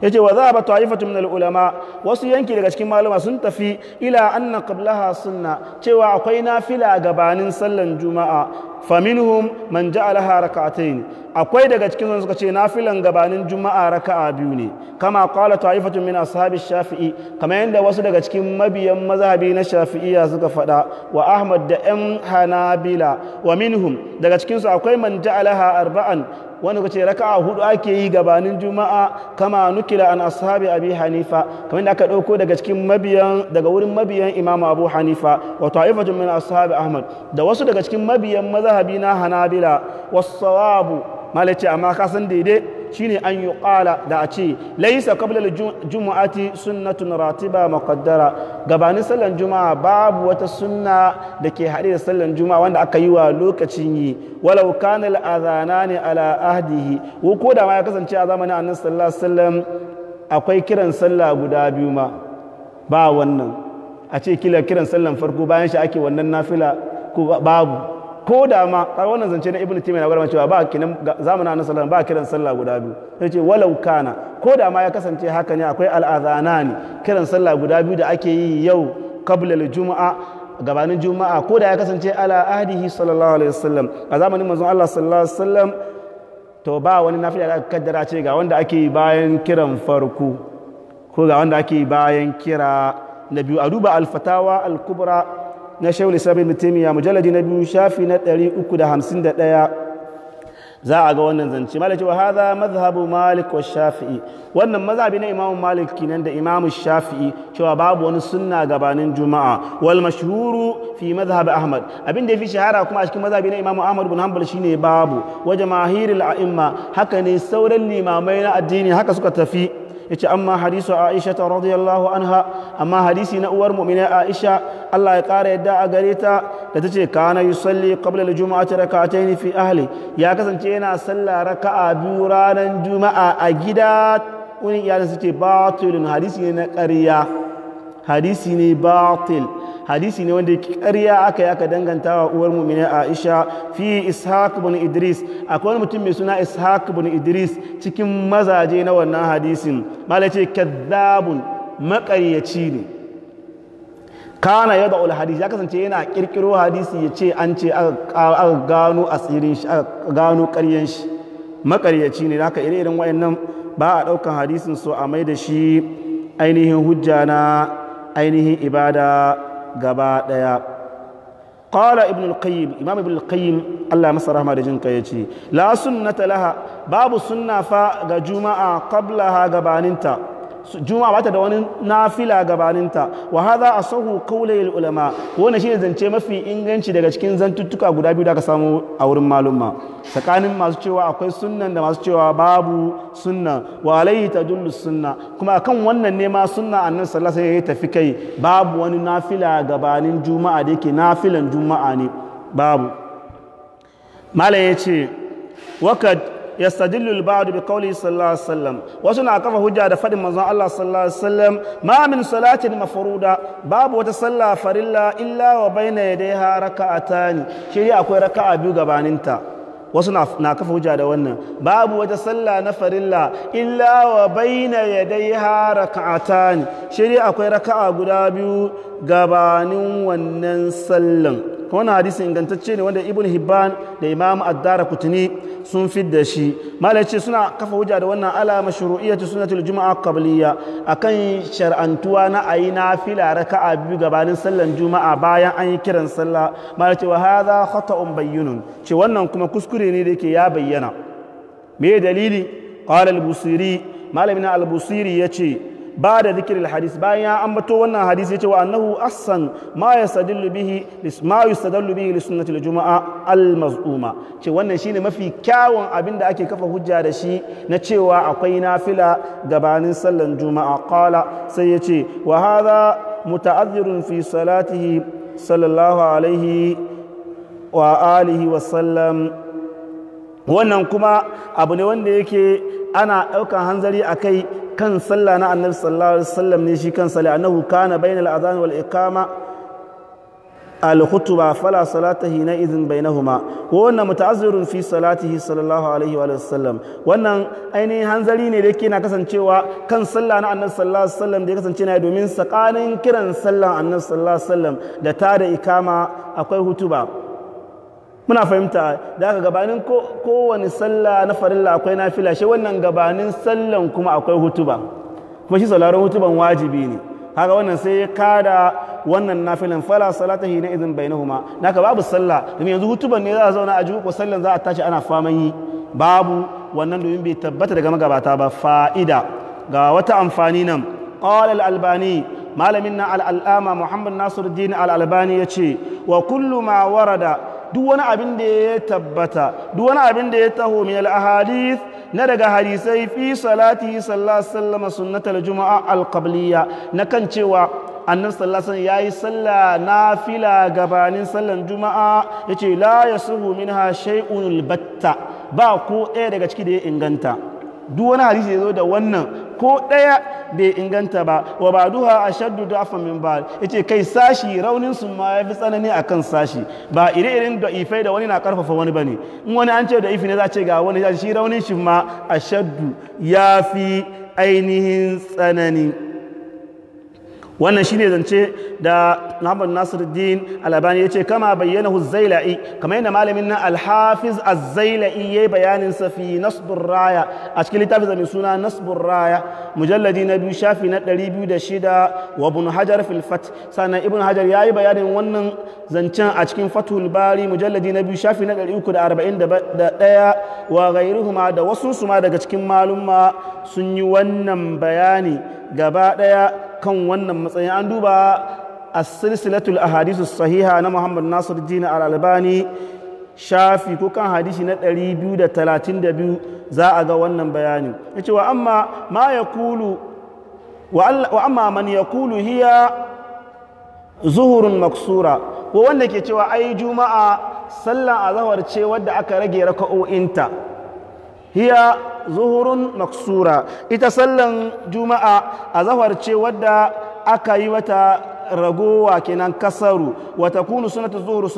yace wa dhahaba ba min ulama wasu yanki daga cikin maluma sun tafi ila anna qablaha sunna cewa akwai nafila gabanin sallan juma'a faminhum man ja'alaha rak'atayn akwai daga cikin sun suka ce nafilan gabanin juma'a raka'a biyu ne kama qala ta'ifatu min ashabi shafi'i kama yanda wasu daga cikin mabiyan mazhabi na shafi'iyya suka fada wa ahmad da ɗan hanabila wa minhum daga cikin su akwai man ja'alaha arba'an wani raka raka'a hudu ake yi gabanin juma'a kama nukila an ashabi abi hanifa kamar da aka dauko daga cikin mabiyan daga wurin mabiyan imam abu hanifa wa ta'ifatu min ashabi ahmad da wasu daga cikin mabiyan mazhabi na hanabila was sawabu malace amma ka san daidai shine an yi ƙala da a ce laisa qabla juma'ati sunnatun ratiba makaddara gabanin sallan juma'a babu wata sunna da ke haɗe da sallan juma'a wanda aka yi wa lokacin yi walau kana ne ala ahdihi ko da ma ya kasance a zamanin a sallallahu alaihi wasallam akwai kiran sallah guda biyu ma ba wannan a ce kila kiran sallan farko bayan shi ake wannan nafila ko babu ko da ma a wannan zance na ibnu taymiya na gwada cewa ba kinan zamanin annabi sallallahu ba kiran sallah guda biyu sai ce walau kana ko da ma ya kasance haka ne akwai al'azanani kiran sallah guda biyu da ake yi yau qabla al-jumu'a gabanin juma'a ko da ya kasance ala ahdihi sallallahu alaihi wasallam a zamanin manzon Allah sallallahu alaihi wasallam to ba wani nafila da aka kaddara ce ga wanda ake yi bayan kiran farko ko ga wanda ake yi bayan kira na biyu a duba al-fatawa al-kubra na shawul islam ibn taymiya mujalladi na biyu shafi na 351 za a ga wannan zance malaki wa hadha madhhabu malik wa shafi'i wannan mazhabi na imamu malik kinan da imamu shafi'i cewa babu wani sunna gabanin juma'a wal mashhuru fi madhhab ahmad abin da yafi shahara kuma a cikin mazhabi na imamu ahmad ibn hanbal shine babu wa jamahiril a'imma haka ne sauran limamai na addini haka suka tafi yace amma hadisu Aisha ta radiyallahu anha amma hadisi na uwar mu'mina Aisha Allah ya kara yadda a gare ta da tace kana yusalli qabla al-jum'ati rak'atayn fi ahli ya kasance yana sallah raka'a biyu ranar juma'a a gida wani iyalin su ce batilun hadisi ne na ƙarya hadisi ne batil hadisi ne wanda yake ƙarya aka yi aka danganta wa uwar mu'mina Aisha fi Ishaq bin Idris akwai wani mutum mai suna Ishaq bin Idris cikin mazaje na wannan hadisin malai ce kadhabun maƙaryaci ne kana yau da hadisi ya kasance yana kirkiro hadisi ya ce an ce aka gano asirin shi aka gano ƙaryen shi maƙaryaci ne haka ire wayannan ba a ɗaukan hadisin so a mai da shi ainihin hujja na ainihin ibada gaba daya qala ibn al-qayyim imam ibn al-qayyim Allah masa rahma da jinka yace la sunnata laha babu sunna fa ga juma'a qablaha gabaninta juma'a ba ta da wani nafila gabaninta wa a asahu qawlayil ulama wannan shine zance mafi inganci daga cikin zantuttuka guda biyu da aka samu a wurin malumma tsakanin masu cewa akwai sunnan da masu cewa babu sunna wa alayhi tadullu sunna kuma akan wannan ne ma sunna annabi sallallahu alaihi wasallam ya tafi kai babu wani nafila gabanin juma'a da yake nafilan juma'a ne babu malam yace wakad yastadillu al-ba'd bi qawli sallallahu alaihi wasallam wasu na kafa hujja da fadin manzon Allah sallallahu alaihi wasallam ma min salatin mafruda babu wata sallah farilla illa wa baina yadayha raka'atani shi akwai raka'a biyu gabaninta wasu na kafa hujja da wannan babu wata sallah na farilla illa wa baina yadayha raka'atani shi akwai raka'a guda biyu gabanin wannan sallan na hadisi ingantacce ne wanda ibn hibban da imam addara kutuni sun fi da shi malai ce suna kafa wuja da wannan alama suna sunnatul juma'a A kan shar'antuwa na ayi nafila a biyu gabanin sallan juma'a bayan an yi kiran sallah malai ce wa hadha khata'un bayyinun ce wannan kuma kuskure ne da yake ya bayyana me dalili qala al-busiri malamin al-busiri yace ba da zikirin hadis bayan ya ambato wannan hadis ya ce wa annahu asan ma yastadillu bihi ma yastadillu bihi li sunnati al-juma'a al-maz'uma ce wannan shine mafi kyawun abin da ake kafa hujja da shi na cewa akwai nafila gabanin sallan juma'a qala sai ya ce wa hadha muta'azzirun fi salatihi sallallahu alaihi wa alihi wa sallam wannan kuma abu ne wanda yake ana ɗaukan hanzari a kai kan sallah na annabi sallallahu alaihi wasallam ne shi kan sallah annahu kana bainal adhan wal iqama al khutba fala salata hina idhin bainahuma wa wannan muta'azzirun fi salatihi sallallahu alaihi wa sallam wannan ainihin hanzari ne da yake na kasancewa kan sallah na annabi sallallahu alaihi wasallam da ya kasance na domin sakanin kiran sallah annabi sallallahu alaihi wasallam da tada ikama akwai hutuba muna fahimta da aka gabanin kowane sallah na farilla akwai nafila shi wannan gabanin sallan kuma akwai hutuba kuma shi sauraron hutuban wajibi ne haka wannan sai ya kada wannan nafilan fala salata hina idin bainahuma aka babu sallah domin yanzu hutuban ne za a zauna a ji ko sallan za a tashi ana faman yi babu wannan domin bai tabbata daga magabata ba fa'ida ga wata amfani nan qala al-albani malamin na al alama muhammad nasiruddin al-albani yace wa kullu ma warada duk abin da ya tabbata duk abin da ya taho min al-ahadith na daga hadisai fi salati sallallahu alaihi wasallam juma'a al-qabliyya na kan cewa annan sallasan ya yi sallah na fila gabanin sallan juma'a ya ce la ya suhu min ha shai'un batta ba ko ɗaya daga ciki da ya inganta duk wani hadisi ya zo da wannan ko ɗaya bai inganta ba wa ba duha a shaddu afa min ba ce kai sashi raunin su ma ya fi tsanani a kan sashi ba iri irin da ifai da wani na karfafa wani ba ne in wani an ce da ifi ne za ce ga wani shi raunin shi ma a shaddu ya fi ainihin tsanani wannan shine zance da Muhammad Nasiruddin Al-Albani yace kama bayyanahu Az-Zailai kama yana malamin nan Al-Hafiz Az-Zailai yayi bayanin sa fi Nasbur Raya a cikin littafin mai suna Nasbur Raya mujalladi na biyu shafi na 206 wa Ibn Hajar fil Fath sannan Ibn Hajar yayi bayanin wannan zancen a cikin Fathul Bari mujalladi na biyu shafi na 341 wa ghairuhuma da wasu su daga cikin malumma sun yi wannan bayani gaba daya kan wannan matsayin an duba a silsilatul ahadisu sahiha na Muhammad Nasir Jina alalbani albani shafi ko kan hadisi na 232 za a ga wannan bayani Ya wa amma ma wa amma man kulu hiya zuhurun maksura ko wanda ke cewa ai juma'a sallan azhar ce wadda aka rage raka'o'inta hiya zuhurun maksura ita sallan juma'a a zahar ce wadda aka yi wata ragowa kenan kasaru wata kunu sunnatu zuhuru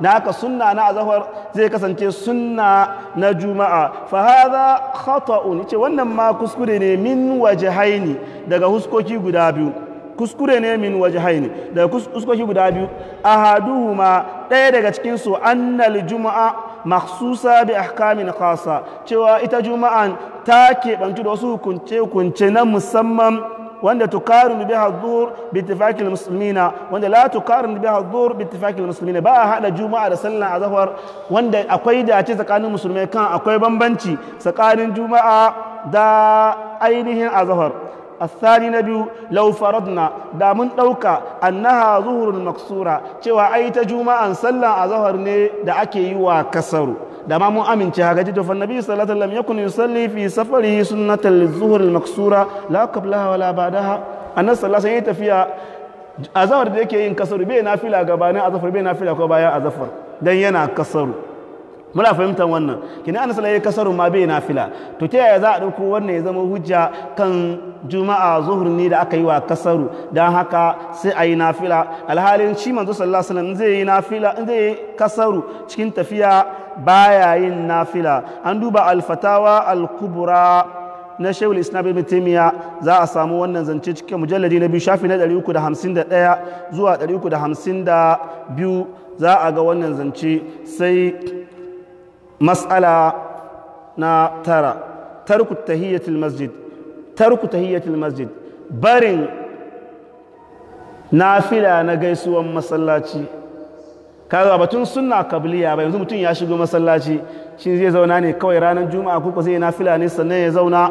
na aka sunna na azahar zai kasance sunna na juma'a fa hadha khata'un ce wannan ma kuskure ne min haini daga huskoki guda biyu kuskure ne min wajhaini daga huskoki guda biyu ahaduhuma daya daga cikin annal juma'a maksusa bi ahkamin khasa cewa ita juma'an ta keɓanci da wasu hukunce-hukunce na musamman wanda tukarin bi hadur bi ittifaqil muslimina wanda la tukarin bi hadur bi ittifaqil muslimina ba hada juma'a da sallah azhar wanda akwai dace tsakanin musulmai kan akwai bambanci tsakanin juma'a da ainihin azhar الثاني نبي لو فرضنا دامن دوكا انها ظهر مكسوره cewa ai ta juma'an sallan azhar ne da ake yi wa kasaru da ma mun amince haka ji to fa nabi sallallahu alaihi wasallam yakun yusalli fi safarihi sunnatal zuhur al maksura la qablaha wala ba'daha annas tafiya azhar da yake yin kasaru bai nafila gabanin azhar bai nafila ko bayan azhar dan yana kasaru muna fahimtar wannan kina an salaye kasarun ma bai nafila to ta yaya za a dauko wannan ya zama hujja kan juma'a zuhur ne da aka yi wa kasaru don haka sai a yi nafila alhalin shi manzo sallallahu alaihi wasallam zai yi nafila zai yi kasaru cikin tafiya baya yin nafila an duba alfatawa alkubura na shehu islam ibn taymiya za a samu wannan zance cikin mujalladi na biyu shafi na 351 zuwa 352 za a ga wannan zance sai matsala na tara tarku tahiyyatul masjid tarku tahiyyatul masjid barin nafila na gaisuwan masallaci kaga batun sunna kabliya ba yanzu mutum ya shigo masallaci shi zai zauna ne kawai ranar juma'a ko zai nafila ne sannan ya zauna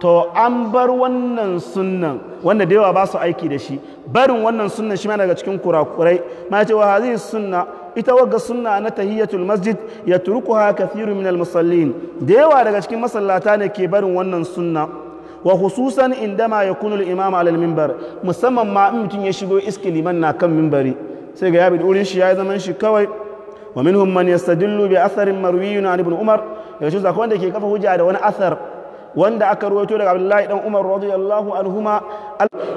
to an bar wannan sunnan wanda da yawa ba su aiki da shi barin wannan sunnan shi ma daga cikin kurakurai ma ce wa hazi sunna ita wagga sunna na tahiyatul masjid ya turkuha kathiru min al da yawa daga cikin masallata ne ke barin wannan sunna wa hususan indama yakunu al-imam ala al-minbar musamman ma in mutum ya shigo iski liman na kan minbari sai ga yabi wurin shi ya zaman shi kawai wa minhum man yastadillu bi atharin marwiyun an ibn umar ya shi zakon da ke kafa hujja da wani athar wanda aka rawaito daga Abdullahi dan Umar radiyallahu anhuma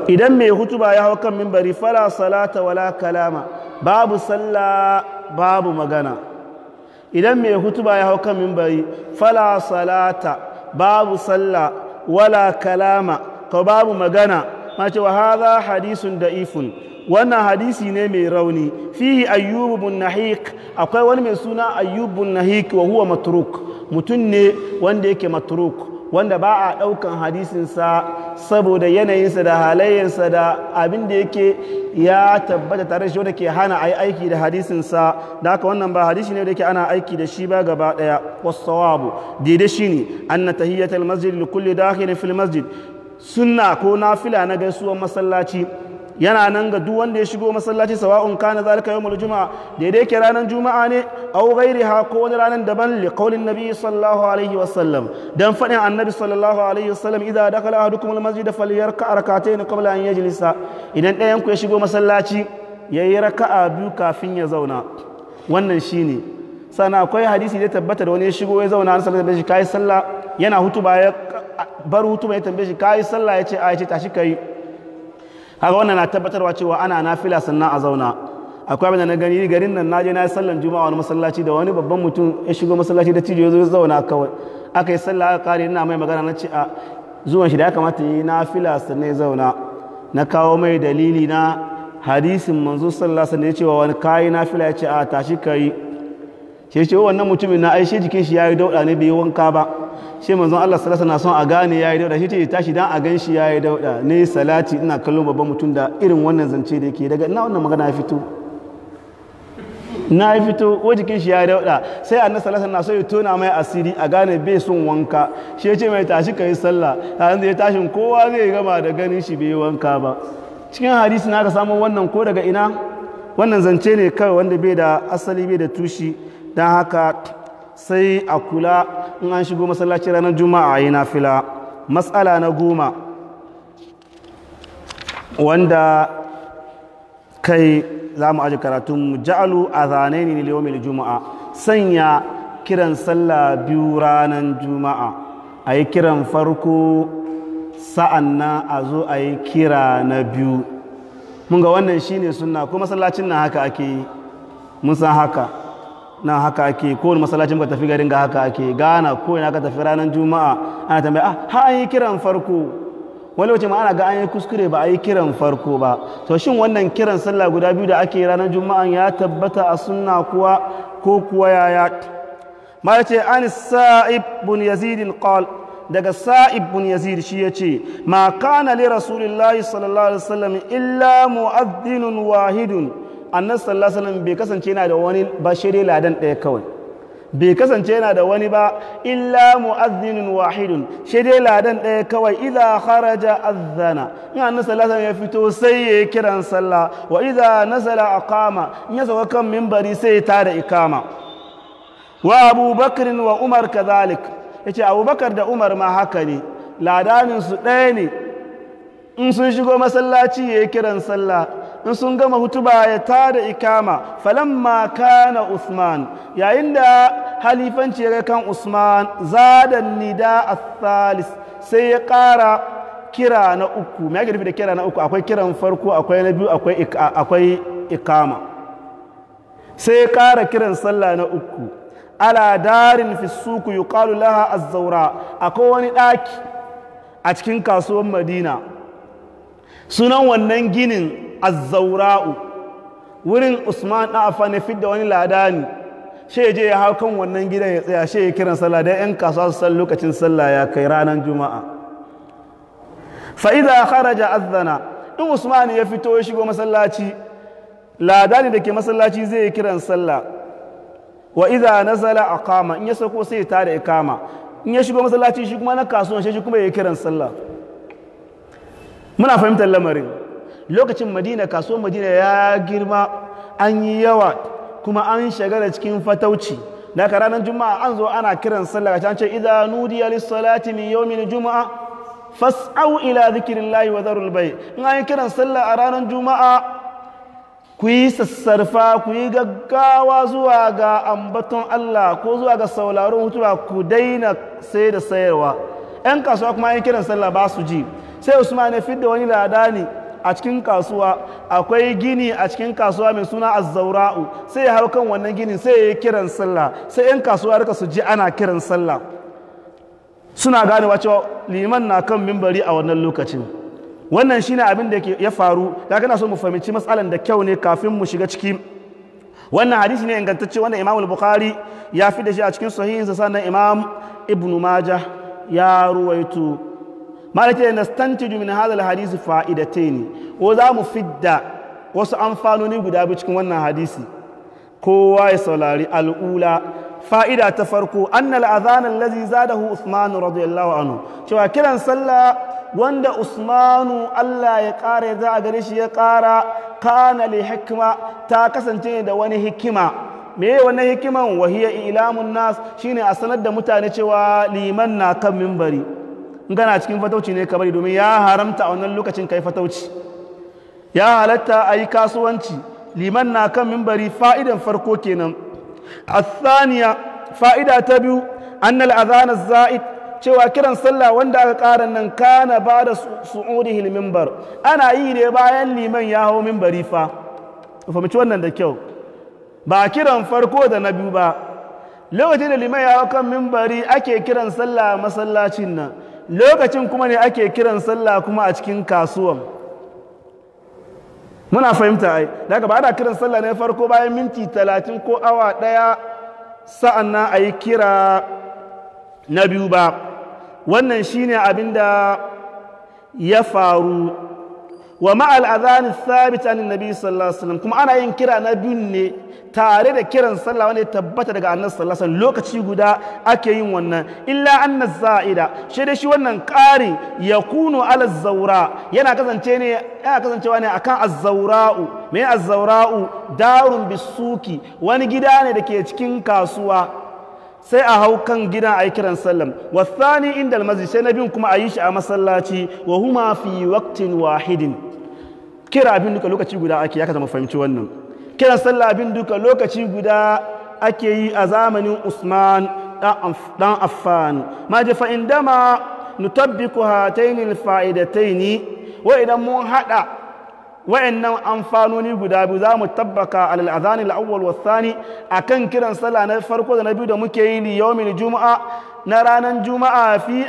idan mai hutuba ya hau kan minbari fala salata wala kalama babu sallah babu magana idan mai hutuba ya hau kan mimbari fala salata babu sallah wala kalama ka babu magana mace wa haza hadisun da'ifun wannan hadisi ne mai rauni fihi ayyubu bin nahik akwai wani mai suna ayyubu bin nahik wa huwa matruk mutum ne wanda yake matruk wanda ba a ɗaukan hadisinsa saboda yanayinsa da halayensa da abin da yake ya tabbata tare shi wanda ke hana a yi aiki da hadisinsa da haka wannan ba hadisi ne da yake ana aiki da shi ba gaba ɗaya wasu daidai shi ne an na tahiyyatar masjid da kulle dakirin fil masjid sunna ko nafila na gaisuwar masallaci yana nan ga duk wanda ya shigo masallaci sawa'un kana zalika yawmul juma'a daidai ke ranar juma'a ne aw ghairiha ko wani ranar daban li qaulin nabi sallallahu alaihi wasallam dan fadin annabi sallallahu alaihi wasallam idza dakala ahadukum al masjid falyarka rak'atayn qabla an yajlisa idan ɗayan ku ya shigo masallaci yayi raka'a biyu kafin ya zauna wannan shine sana akwai hadisi da tabbata da wani ya shigo ya zauna an sallar da shi kai sallah yana hutuba ya bar hutuba ya tambaye shi kai sallah ya ce a ya ce tashi kai kaga wannan na tabbatarwa cewa ana nafila sannan a zauna akwai abin da na gani garin nan naje na yi sallan juma'a wani masallaci da wani babban mutum ya shigo masallaci da cijo ya zauna kawai aka yi sallah aka kare ina mai magana na ce a zuwan shi da ya kamata yi nafila sannan ya zauna na kawo mai dalili na hadisin manzo sallallahu sannan cewa ya ce wa wani kayi nafila ya ce a tashi kayi. shi ce wannan mutumin na ai jikin shi yayi dauda ne bai yi wanka ba shi manzon Allah sallallahu na son a gane yayi dauda shi ce tashi dan a gan shi yayi dauda ne salati ina kallon babban mutum da irin wannan zance da yake daga ina wannan magana ya fito na fito ko jikin shi ya dauda sai annabi sallallahu alaihi wasallam ya tona mai asiri a gane bai son wanka shi ya ce mai tashi kai sallah ta zai tashin kowa zai gama da ganin shi bai wanka ba cikin hadisi na ka samu wannan ko daga ina wannan zance ne kawai wanda bai da asali bai da tushi don haka sai a kula in an shigo masallaci ranar juma'a yi na fila matsala na goma wanda kai za mu aji mu ja'alu a zane ne liyomil juma'a sanya kiran sallah biyu ranar juma'a a yi kiran farko sa'an nan a zo a yi kira na biyu mun ga wannan shine suna ko masallacin na haka ake yi mun san haka nan haka ake wani masallacin ka tafi garin ga haka ake gana ko ina ka tafi ranar juma'a ana tambaya ah ha an yi kiran farko wani wace ma'ana ga an yi kuskure ba a yi kiran farko ba to shin wannan kiran sallah guda biyu da ake ranar juma'a ya tabbata a sunna kuwa ko kuwa ya ma ya ce an sa'ib bin yazid qal daga sa'ib bin yazid shi ya ce ma kana li rasulillahi sallallahu alaihi wasallam illa mu'adhdhinun wahidun annan sallallahu alaihi bai kasance yana da wani ba shirye ladan ɗaya kawai bai kasance yana da wani ba illa mu'azzinin wahidun shirye ladan ɗaya kawai idza kharaja azzana in annan sallallahu alaihi ya fito sai ya yi kiran sallah wa idza nazala aqama in ya sauka kan mimbari sai ya tada ikama wa abubakar wa umar kadhalik yace abubakar da umar ma haka ne ladanin su ɗaya ne in sun shigo masallaci ya yi kiran sallah in sun gama hutuba ya tada ikama falamma kana usman yayin da halifanci ya kan usman zadan nida athalis sai ya ƙara kira na uku me yake da kira na uku akwai kiran farko akwai na biyu akwai ikama sai ya ƙara kiran sallah na uku ala darin fi suku yuqalu laha az-zawra akwai wani ɗaki a cikin kasuwar madina sunan wannan ginin azzaura'u wurin usman ɗan afan fi fidda wani ladani shi je ya hau kan wannan gidan ya tsaya shi ya kiran sallah da yan kasuwa su san lokacin sallah ya kai ranar juma'a fa'iza haraja azzana in usman ya fito ya shigo masallaci ladani da ke masallaci zai yi kiran sallah wa iza nazala aqama in ya sako sai ta da ikama in ya shigo masallaci shi kuma na kasuwa shi kuma ya kiran sallah muna fahimtar lamarin lokacin madina kaso madina ya girma an yi yawa kuma an shagara cikin fatauci da ka ranar juma'a an zo ana kiran sallah can ce idza nudiya lis min yawmin juma'a fas'au ila layi wa zarul bai in an yi kiran sallah a ranar juma'a ku yi sassarfa ku yi gaggawa zuwa ga ambaton Allah ko zuwa ga sauraron hutuwa ku daina sai da sayarwa 'yan kasuwa kuma yin kiran sallah ba su ji sai usman ya fidda wani ladani a cikin kasuwa akwai gini a cikin kasuwa mai suna azzaura'u sai ya hau kan wannan gini, sai ya yi kiran sallah sai 'yan kasuwa rika su ji ana kiran sallah suna gane cewa liman na kan mimbari a wannan lokacin wannan shi ne abin da ya faru Ya kana so mu fahimci matsalan da kyau ne kafin mu shiga ciki wannan hadisi ne ingantacce wanda imam al-bukhari ya fi da shi a cikin sahihinsa sannan imam ibnu majah ya ruwaito malaki na stantiju min hadal hadisi ne ko za mu fidda wasu amfanoni guda biyu cikin wannan hadisi kowa ya saurari al'ula fa'ida ta farko annal za da hu usmanu radiyallahu anhu cewa kiran sallah wanda usmanu Allah ya kara ya za a gare shi ya ƙara kana li hikma ta kasance da wani hikima me wani hikiman wahiya ilamun nas shine a sanar da mutane cewa liman na kan mimbari gana cikin fatauci ne kamar domin ya haramta a wannan lokacin kai fatauci ya halatta a yi kasuwanci liman na kan mimbari fa'idan farko kenan a saniya fa'ida ta biyu annal azana za'id cewa kiran sallah wanda aka ƙara nan kana ba da su'udihil mimbar ana yi ne bayan liman ya hau mimbari fa fahimci wannan da kyau ba kiran farko da na biyu ba lokacin da liman ya hau kan mimbari ake kiran sallah masallacin nan lokacin kuma ne ake kiran sallah kuma a cikin kasuwan muna fahimta ai daga ba ana kiran sallah ne farko bayan minti talatin ko awa ɗaya sa'an na a yi kira na biyu ba wannan shine abin da ya faru wa ma'al azani thabit an nabi sallallahu alaihi wasallam kuma ana yin kira na biyun ne tare da kiran sallah wanda ya tabbata daga annabi sallallahu alaihi wasallam lokaci guda ake yin wannan illa anna za'ida shi da shi wannan ƙarin yakunu ala Zawra, yana kasance ne yana kasancewa ne akan az zawrau me az zawrau darun bisuki wani gida ne dake cikin kasuwa sai a hau kan gidan a yi kiran sallam wasani inda almazi sai na bin kuma a yi shi a masallaci wa huma fi waqtin wahidin kira abin duka lokaci guda ake ya zama fahimci wannan kiran sallah abin duka lokaci guda ake yi a zamanin usman dan affan ma ji fa'in dama nutabbiku hatainin fa'idataini wa idan mun haɗa wa'annan amfanoni guda biyu za mu tabbaka alal azani al-awwal wa akan kiran sallah na farko da na biyu da muke yi li yawmil juma'a na ranar juma'a fi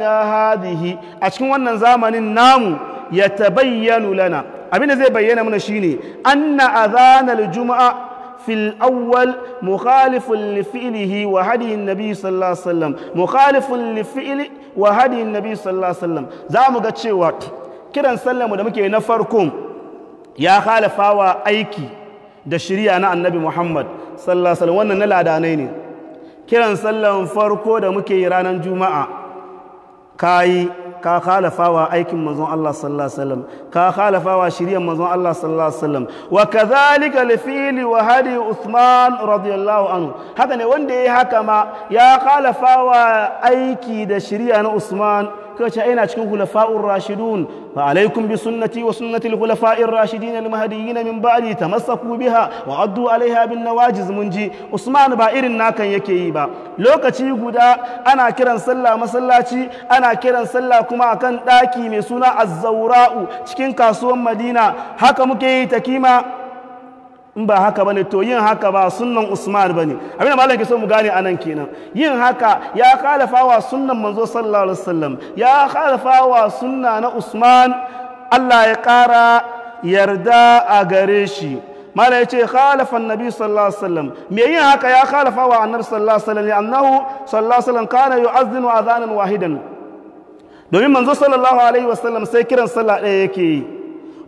na hadhihi a cikin wannan zamanin namu ya tabayyanu lana abinda zai bayyana mana shine anna adhanal juma'a في الأول مخالف لفعله وهدي النبي صلى الله عليه وسلم مخالف لفعل وهدي النبي صلى الله عليه وسلم زعما ga cewa kiran sallar da muke na farkon ya khalafawa aiki da shari'a na Annabi Muhammad sallallahu alaihi wasallam wannan na ladanai ne kiran sallar farko da muke yi ranar juma'a kai ka khalafawa aikin manzon Allah sallallahu alaihi wasallam ka khalafawa shiryan manzon Allah sallallahu alaihi wasallam wa kadhalika lifili wa hadi Uthman radiyallahu anhu haka ne wanda yayi haka ma ya khalafawa aiki da shirya na Usman ka ina cikin khulafa'ur rashidun fa alaikum bi sunnati wa sunnati al-khulafa'ir rashidin al-mahdiyyin min ba'di tamassaku biha wa addu alaiha bin nawajiz mun ji Usman ba irin nakan yake yi ba lokaci guda ana kiran sallah masallaci ana kiran sallah kuma akan daki mai suna az-zawra'u cikin kasuwan Madina haka muke yi takima in ba haka bane to yin haka ba sunnan Usman bane abin da malam ke so mu gane anan kenan yin haka ya khalafa wa sunnan manzo sallallahu alaihi wasallam ya khalafa wa sunna na Usman Allah ya kara yarda a gare shi mala ya ce khalafan nabi sallallahu alaihi wasallam me yin haka ya khalafa wa annabi sallallahu alaihi wasallam li annahu sallallahu alaihi wasallam kana yu'azzinu adhanan wahidan domin manzo sallallahu alaihi wasallam sai kiran sallah ɗaya yake yi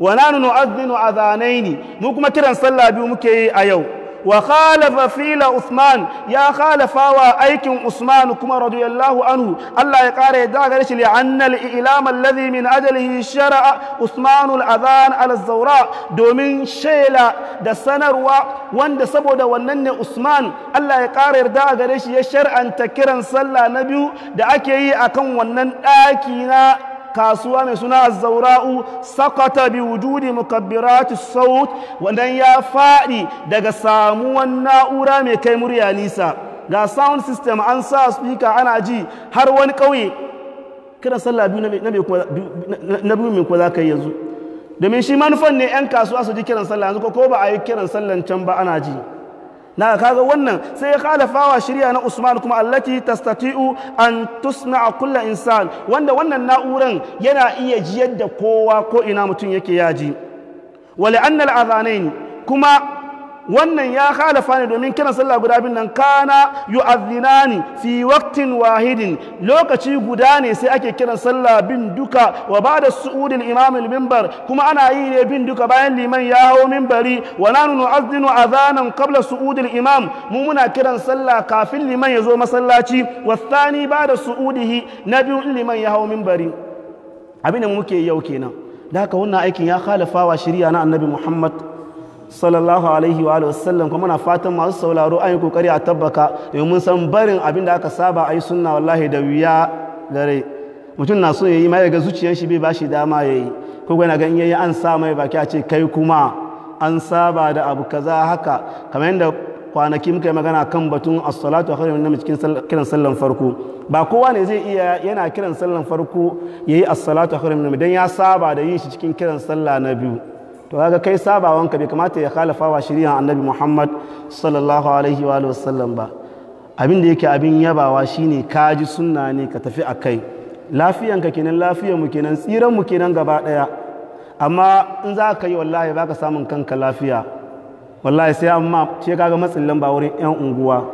wa nanu nu'adhdhinu adhanaini mu kuma kiran sallah biyu muke yi a yau wa khalafa fila Usman ya khalafa wa aikin Usman kuma radiyallahu anhu Allah ya kare da gare shi li'anna al-ilam alladhi min ajlihi shara'a Usman al-adhan zawra domin shela da sanarwa wanda saboda wannan ne Usman Allah ya kare da gare shi ya shar'anta kiran sallah na biyu da ake yi akan wannan daki na kasuwa mai suna zaura'u sakata bi wujudi mukabbirati saut wanda ya faɗi daga samuwan na'ura mai kai murya nisa ga sound system an sa speaker ana ji har wani ƙauye kira sallah biyu na biyu mai kuwa za ka yi yanzu domin shi manufan ne 'yan kasuwa su ji kiran sallah yanzu ko ba a yi kiran sallar can ba ana ji na kaga wannan sai ya khalafawa shirya na Usman kuma allati tastati'u an tusna'a kullu insan wanda wannan na'uran yana iya jiyar da kowa ko ina mutum yake yaji wala anna al kuma wannan ya halafa ne domin kiran sallah guda bin nan kana yu'adhdhinani fi waqtin wahidin lokaci guda ne sai ake kiran sallah bin duka wa ba'da su'ud al-imam al-minbar kuma ana yi ne bin duka bayan liman ya hawo minbari wa nanu nu'adhdhinu adhanan qabla su'ud al-imam mu muna kiran sallah kafin liman ya zo masallaci wa thani ba'da su'udihi nabiyu liman ya hawo minbari abin da muke yau kenan da haka wannan aikin ya khalafa wa shari'a na annabi Muhammad sallallahu alaihi wa sallam kuma muna fatan masu sauraro an yi kokari a tabbaka domin san barin abin da aka saba a yi sunna wallahi da wuya gare mutum na so yayi ma ya ga zuciyar shi bai ba shi dama yayi ko ga ga in yayi an sa mai baki a ce kai kuma an saba da abu kaza haka kamar yadda kwanaki muka yi magana kan batun as-salatu khairu min cikin kiran sallan farko ba kowa ne zai iya yana kiran sallan farko yayi as-salatu khairu min dan ya saba da yin shi cikin kiran sallah na biyu to kaga kai sabawanka bai kamata ya khalafa wa shari'a annabi Muhammad sallallahu alaihi wa sallam ba abin da yake abin yabawa shine ka ji sunna ne ka tafi a kai lafiyanka kenan lafiyar mu kenan tsiran mu kenan gaba daya amma in za ka yi wallahi baka samun kanka lafiya wallahi sai amma ce kaga matsin lamba wurin yan unguwa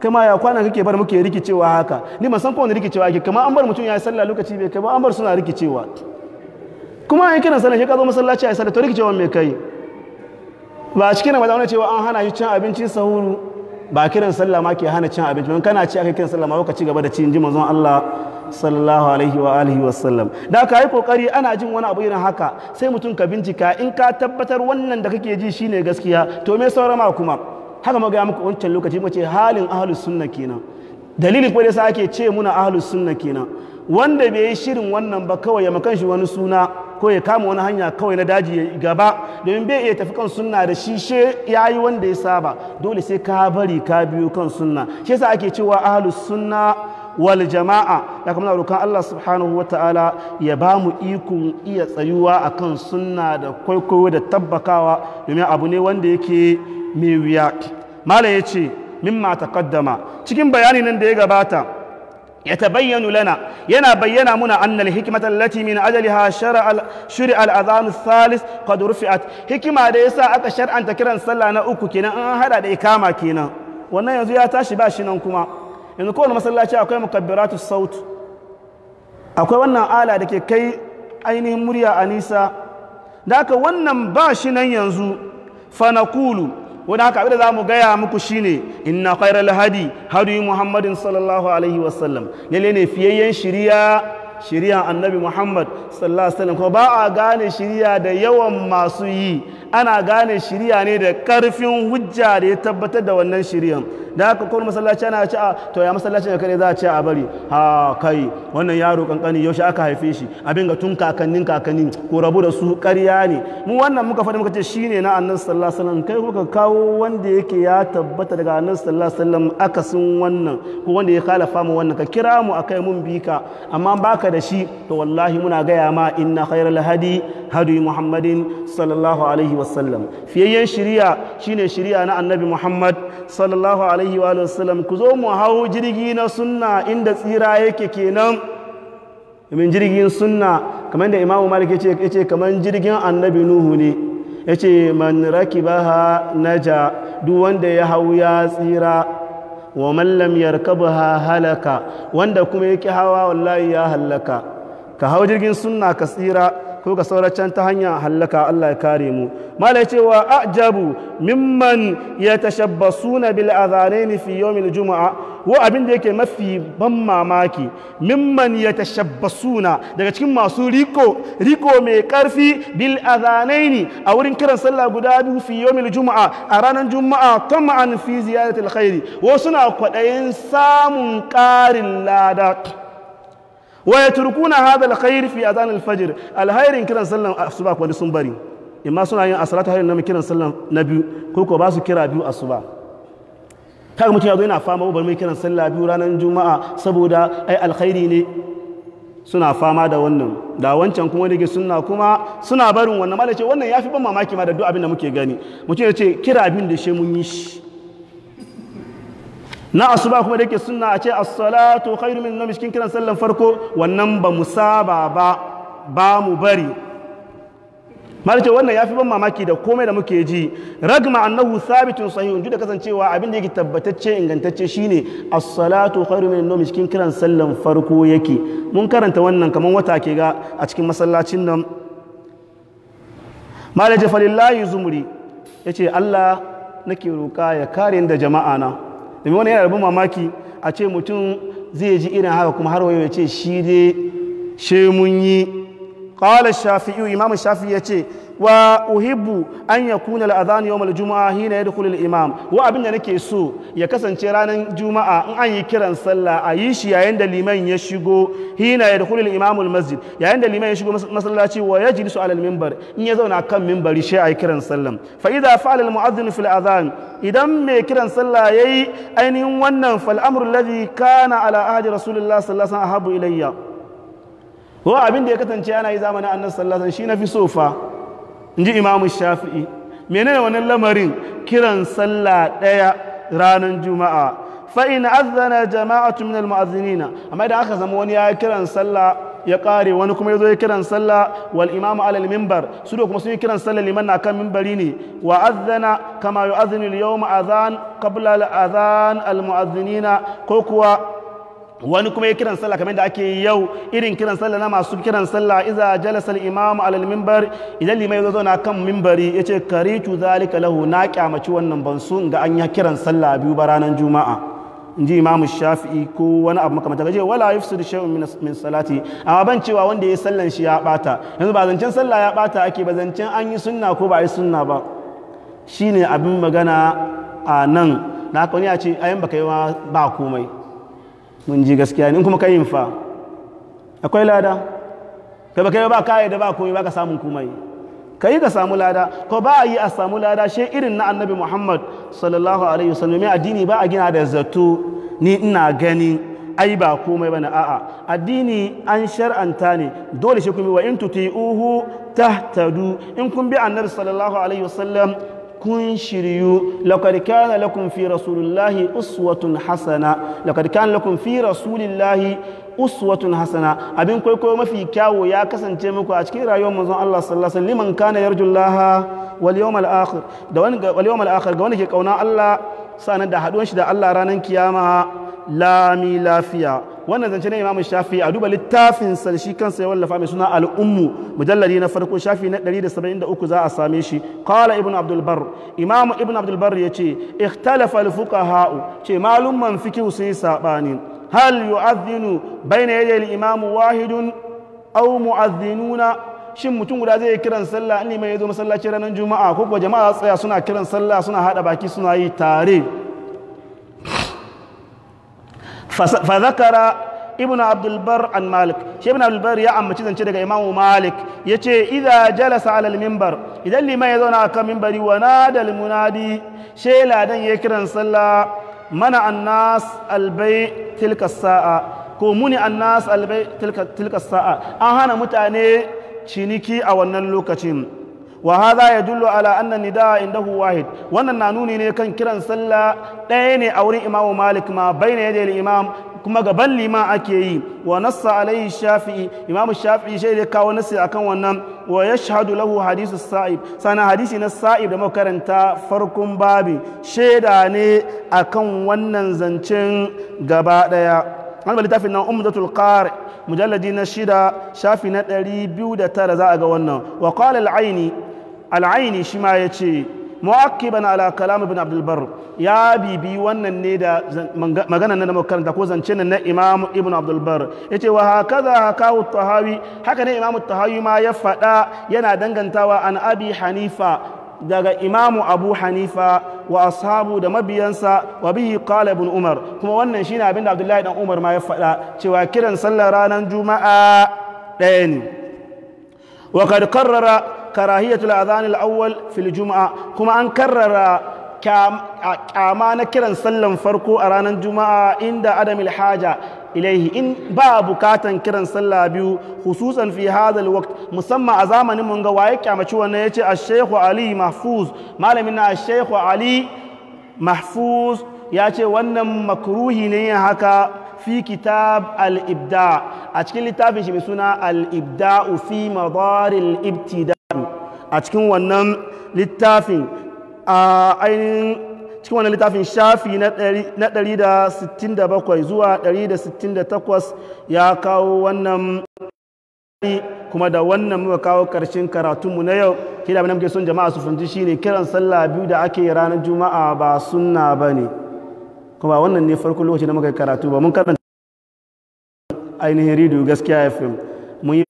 kai ma ya kwana kake bar muke rikicewa haka ni ban san ko ne rikicewa ke kamar an bar mutum ya yi sallah lokaci bai kai ba an bar suna rikicewa kuma an kiran sallah shi ka masallaci a sallah to rikicewa mai kai ba a cikin na cewa an hana shi cin abinci sahuru ba kiran sallah ma ke hana cin abinci don kana ci aka kiran sallah ma ka ci gaba da ci ji mazan Allah sallallahu alaihi wa alihi wa da ka yi kokari ana jin wani abu irin haka sai mutum ka bincika in ka tabbatar wannan da kake ji shine gaskiya to me saurama kuma haka muka ga muku wancan lokaci muka ce halin ahlus sunna kenan dalilin ko da sa ake ce muna ahlus sunna kenan wanda bai yi shirin wannan ba kawai ya makan shi wani suna ko ya kama wani hanya kawai na daji ya gaba domin bai iya tafi kan sunna da shi she yi wanda ya saba dole sai ka bari ka biyo kan sunna shi yasa ake cewa ahlus sunna wal jama'a da kuma roƙon Allah subhanahu ta'ala ya ba mu ikon iya tsayuwa akan sunna da kwaikwayo da tabbakawa domin abu ne wanda yake mai wuya malam ya ce mimma taqaddama cikin bayani nan da ya gabata Ya ta bayyanu lana. Yana يتبين لنا ينا بينا منا أن الحكمة التي من أجلها شرع شرع الأذان الثالث قد رفعت حكمة ليس أكشر أن تكرن صلى أنا أوكينا أن هذا الإقامة كينا wannan yanzu ya tashi ba shi nan kuma yanzu kowane masallaci akwai mukabbiratu saut akwai wannan ala da ke kai ainihin murya a nisa da aka wannan ba shi nan yanzu Fanakulu. ko da abin da za mu gaya muku shine inna khairal lahadi hadi muhammadin sallallahu alaihi wasallam lalle ne fiyayyen shiriya shiriya annabi muhammad sallallahu alaihi wasallam ko ba a gane shiriya da yawan masu yi ana gane shirya ne da karfin hujja da ya tabbatar da wannan shiriyan da aka kowane masallaci ana ce a ah, to ya masallacin da kare za a ce a bari ha kai wannan yaro kankani yaushe aka haife shi abin ga tun kakannin kakannin ko rabu da su ƙarya ne mu wannan muka faɗi muka ce shine na annabi sallallahu alaihi wasallam kai kuka kawo wanda yake ya tabbata daga annabi sallallahu alaihi wasallam akasin wannan ko wanda ya khalafa mu wannan ka kira mu akai mun bi ka amma baka da shi to wallahi muna gaya ma inna khairal hadi hadi muhammadin sallallahu alaihi wasallam wasallam fiyayyen shiriya shine shiriya na annabi muhammad sallallahu alaihi wa sallam ku zo mu hau jirgi na sunna inda tsira yake kenan min jirgin sunna kamar da imamu malik ya ce kamar jirgin annabi nuhu ne ya ce man raki rakibaha naja duk wanda ya hau ya tsira wa mallam ha halaka wanda kuma yake hawa wallahi ya halaka ka hau jirgin sunna ka tsira ko ga sauraccen ta hanya hallaka Allah ya kare mu mala cewa ajabu mimman ya tashabbasuna bil adhanain fi yawmil juma'a wa abin da yake mafi ban mamaki mimman ya tashabbasuna daga cikin masu riko riko mai karfi bil adhanain a wurin kiran sallah guda biyu fi yawmil juma'a a ranar juma'a tama'an fi ziyaratil khairi wasu na kwaɗayin samun ƙarin lada wa yatrukuna hadha alkhair fi adhan alfajir alkhairin kiran sallan ba kwani sun bari imma suna yin asalata hayrin na kiran sallan na biyu ko ko ba su kira biyu asuba kaga mutum ya zo yana fama bar mai kiran sallah biyu ranar juma'a saboda ai alkhairi ne suna fama da wannan da wancan kuma da suna kuma suna barin wannan malace wannan ya fi ban mamaki ma da duk abin da muke gani mutum ya ce kira abin da shi mun yi shi na asuba kuma da ke suna a ce as-salatu khairu min nawm cikin kiran sallan farko wannan ba mu saba ba mu bari malice wannan yafi ban mamaki da komai da muke ji ragma annahu thabitun sahihun duk da kasancewa abin da yake tabbatacce ingantacce shine as-salatu khairu min nawm cikin kiran sallan farko yake mun karanta wannan kaman wata ke ga a cikin masallacin nan malice falillahi zumri yace Allah nake roka ya kare da jama'a na domin wani yana rabin mamaki a ce mutum zai ji irin haka kuma har wayo ya ce shi dai she mun yi kawale shafi'i imam shafi'i ya ce wa uhibbu an yakuna al-adhan yawm al-jumu'a hina yadkhulu al-imam wa abin da nake so ya kasance ranar juma'a in an yi kiran sallah a yi shi yayin da liman ya shigo hina yadkhulu al-imam al-masjid yayin da liman ya shigo masallaci wa yajlisu ala al-minbar in ya zauna kan minbari shi a yi kiran sallah fa idza fa'ala al-mu'adhdhin fil adhan idan mai kiran sallah yayi ainihin wannan fal amru alladhi kana ala ahdi rasulillah sallallahu alaihi wasallam ahabu ilayya Wa abin da ya kasance ana yi zamanin annabi sallallahu alaihi wasallam shi nafi so fa inji imamu shafi'i menene wannan lamarin kiran sallah ɗaya ranar juma'a fa'in azana jama'atu min almu'azzinina amma idan aka zama wani ya kiran sallah ya kare wani kuma ya zo ya kiran sallah wal imamu alal mimbar su da kuma sun yi kiran sallah liman na kan mimbari ne wa azana kama yu'azzinu al-yawma adhan qabla al-adhan al-mu'azzinina ko kuwa wani kuma ya kiran sallah kamar da ake yau irin kiran sallah na masu kiran sallah iza jalasa al-imam ala al-minbar idan limai zo zauna kan minbari yace karitu zalika lahu na kyamaci wannan bansu ga an ya kiran sallah biyu ba ranar juma'a inji imam shafi'i ko wani abu makamata kaje wala yafsidu shay'un min salati amma ban cewa wanda ya sallan shi ya bata yanzu ba zancen sallah ya bata ake ba zancen an yi sunna ko ba yi sunna ba shine abin magana a nan na haka wani ya ce ayin baka yi ba komai mun ji gaskiya ne in kuma kayin fa akwai lada kai ba kai ba kai da ba komai ba ka samu komai kai ka samu lada ko ba a yi a samu lada she irin na annabi Muhammad sallallahu alaihi wasallam mai addini ba a gina da zato ni ina gani ai ba komai bane a'a addini an shar'anta ne dole shi kuma wa in tuti'uhu tahtadu in kun bi annabi sallallahu alaihi wasallam kun shiryu laƙar kyana laƙun fi rasulullahi uswatun hasana laƙar kyana laƙun fi rasulullahi uswatun hasana abin kwaikwayo mafi kyawo ya kasance muku a cikin rayuwar manzon Allah sallallahu alaihi liman kana yarjullaha wal yawmal akhir da wani wal akhir ga wani ke kauna Allah sanan da haduwan shi da Allah ranar kiyama lami lafiya wannan zance na imamu shafi a duba littafin sa kansa ya wallafa mai suna al'ummu mujallari na farko shafi na 173 za a same shi kala ibn abdul bar imamu ibn abdul bar ce. ikhtalafa al fuqaha ce malumman fikihu sai sabani hal yu'adhdhinu baina ya al imam wahidun aw mu'adhdhinuna shin mutum guda zai kiran sallah in mai yazo masallaci ranar juma'a ko jama'a tsaya suna kiran sallah suna hada baki suna yi tare fazakara ibn abdulbar an malik shi ibn abdulbar ya ambaci zance daga imamu malik ya ce idha jalasa alal mimbar idan liman ya zauna kan mimbari wa da limunadi shi ladan ya kiran sallah mana nasu albai tilka sa'a ko muni nasu albai tilka sa'a an hana mutane ciniki a wannan lokacin wa hadha dullo ala anna da indahu wahid wannan na nuni ne kan kiran sallah ɗaya ne a wurin imamu malik ma bayna yadda imam kuma gaban lima ake yi wa nassa alaihi shafi'i imamu shafi'i shi da kawo nassi akan wannan wa shahadu lahu hadisu sa'ib sana hadisi na sa'ib da makaranta farkon babi shaida ne akan wannan zancen gaba daya an bali tafin nan umdatul qari mujalladi na shida shafi na 209 za a ga wannan wa qala aini al'aini shi ma ya ce mu'akiban ala kalam ibn abdul bar ya bibi wannan ne da magana na makaranta ko zance na na imam ibn abdul bar yace wa hakaza hakahu tahawi haka ne imam tahawi ma ya fada yana dangantawa an abi hanifa daga imamu abu hanifa wa ashabu da mabiyansa wa bihi qala ibn umar kuma wannan shi shine abinda abdullahi dan umar ma ya fada cewa kiran sallar ranar juma'a ɗaya ne wa karahiyatul azanil awwal fil juma'a kuma an karrara kyama na kiran sallan farko a ranar juma'a inda adamil haja ilaihi in ba bukatan kiran sallah biyu hususan fi hadal waqt musamman a zamanin mun ga waye kyamaci wannan yace ash-shaykh ali malamin na ash-shaykh ali mahfuz yace wannan makruhi ne haka fi kitab al'ibda a cikin littafin shi mai suna al-ibda fi madar ibtida a cikin wannan littafin a ainihin cikin wannan littafin shafi na 167 zuwa 168 ya kawo wannan kuma da wannan muka kawo karshen karatunmu na yau kida abin da muke son jama'a su fahimci shine kiran sallah biyu da ake ranar juma'a ba sunna bane kuma wannan ne farkon lokacin da muka karatu ba mun karanta ainihin rido gaskiya fim mun yi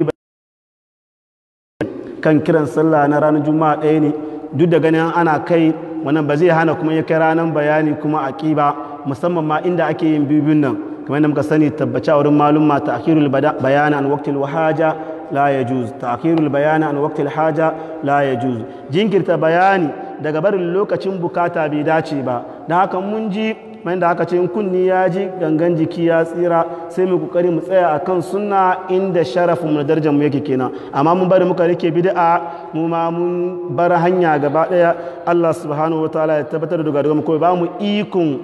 kan kiran sallah na ranar juma'a ɗaya ne duk da ganin ana kai wannan ba zai hana kuma ya kai ranar bayani kuma a ƙi ba musamman ma inda ake yin bibin nan kamar yadda muka sani tabbaci a wurin malum ma ta'khirul bayana an waqtil wahaja la yajuz ta'khirul bayana an waqtil haja la yajuz jinkirta bayani daga barin lokacin bukata bai dace ba da haka mun ji mai da aka ce in kunni ya ji gangan jiki ya tsira sai mu kokari mu tsaya akan sunna inda sharafin mu darajar mu yake kenan amma mun bari muka rike bid'a mu ma mun bar hanya gaba daya Allah subhanahu wataala ya tabbatar da dogadogon mu ko ba mu ikon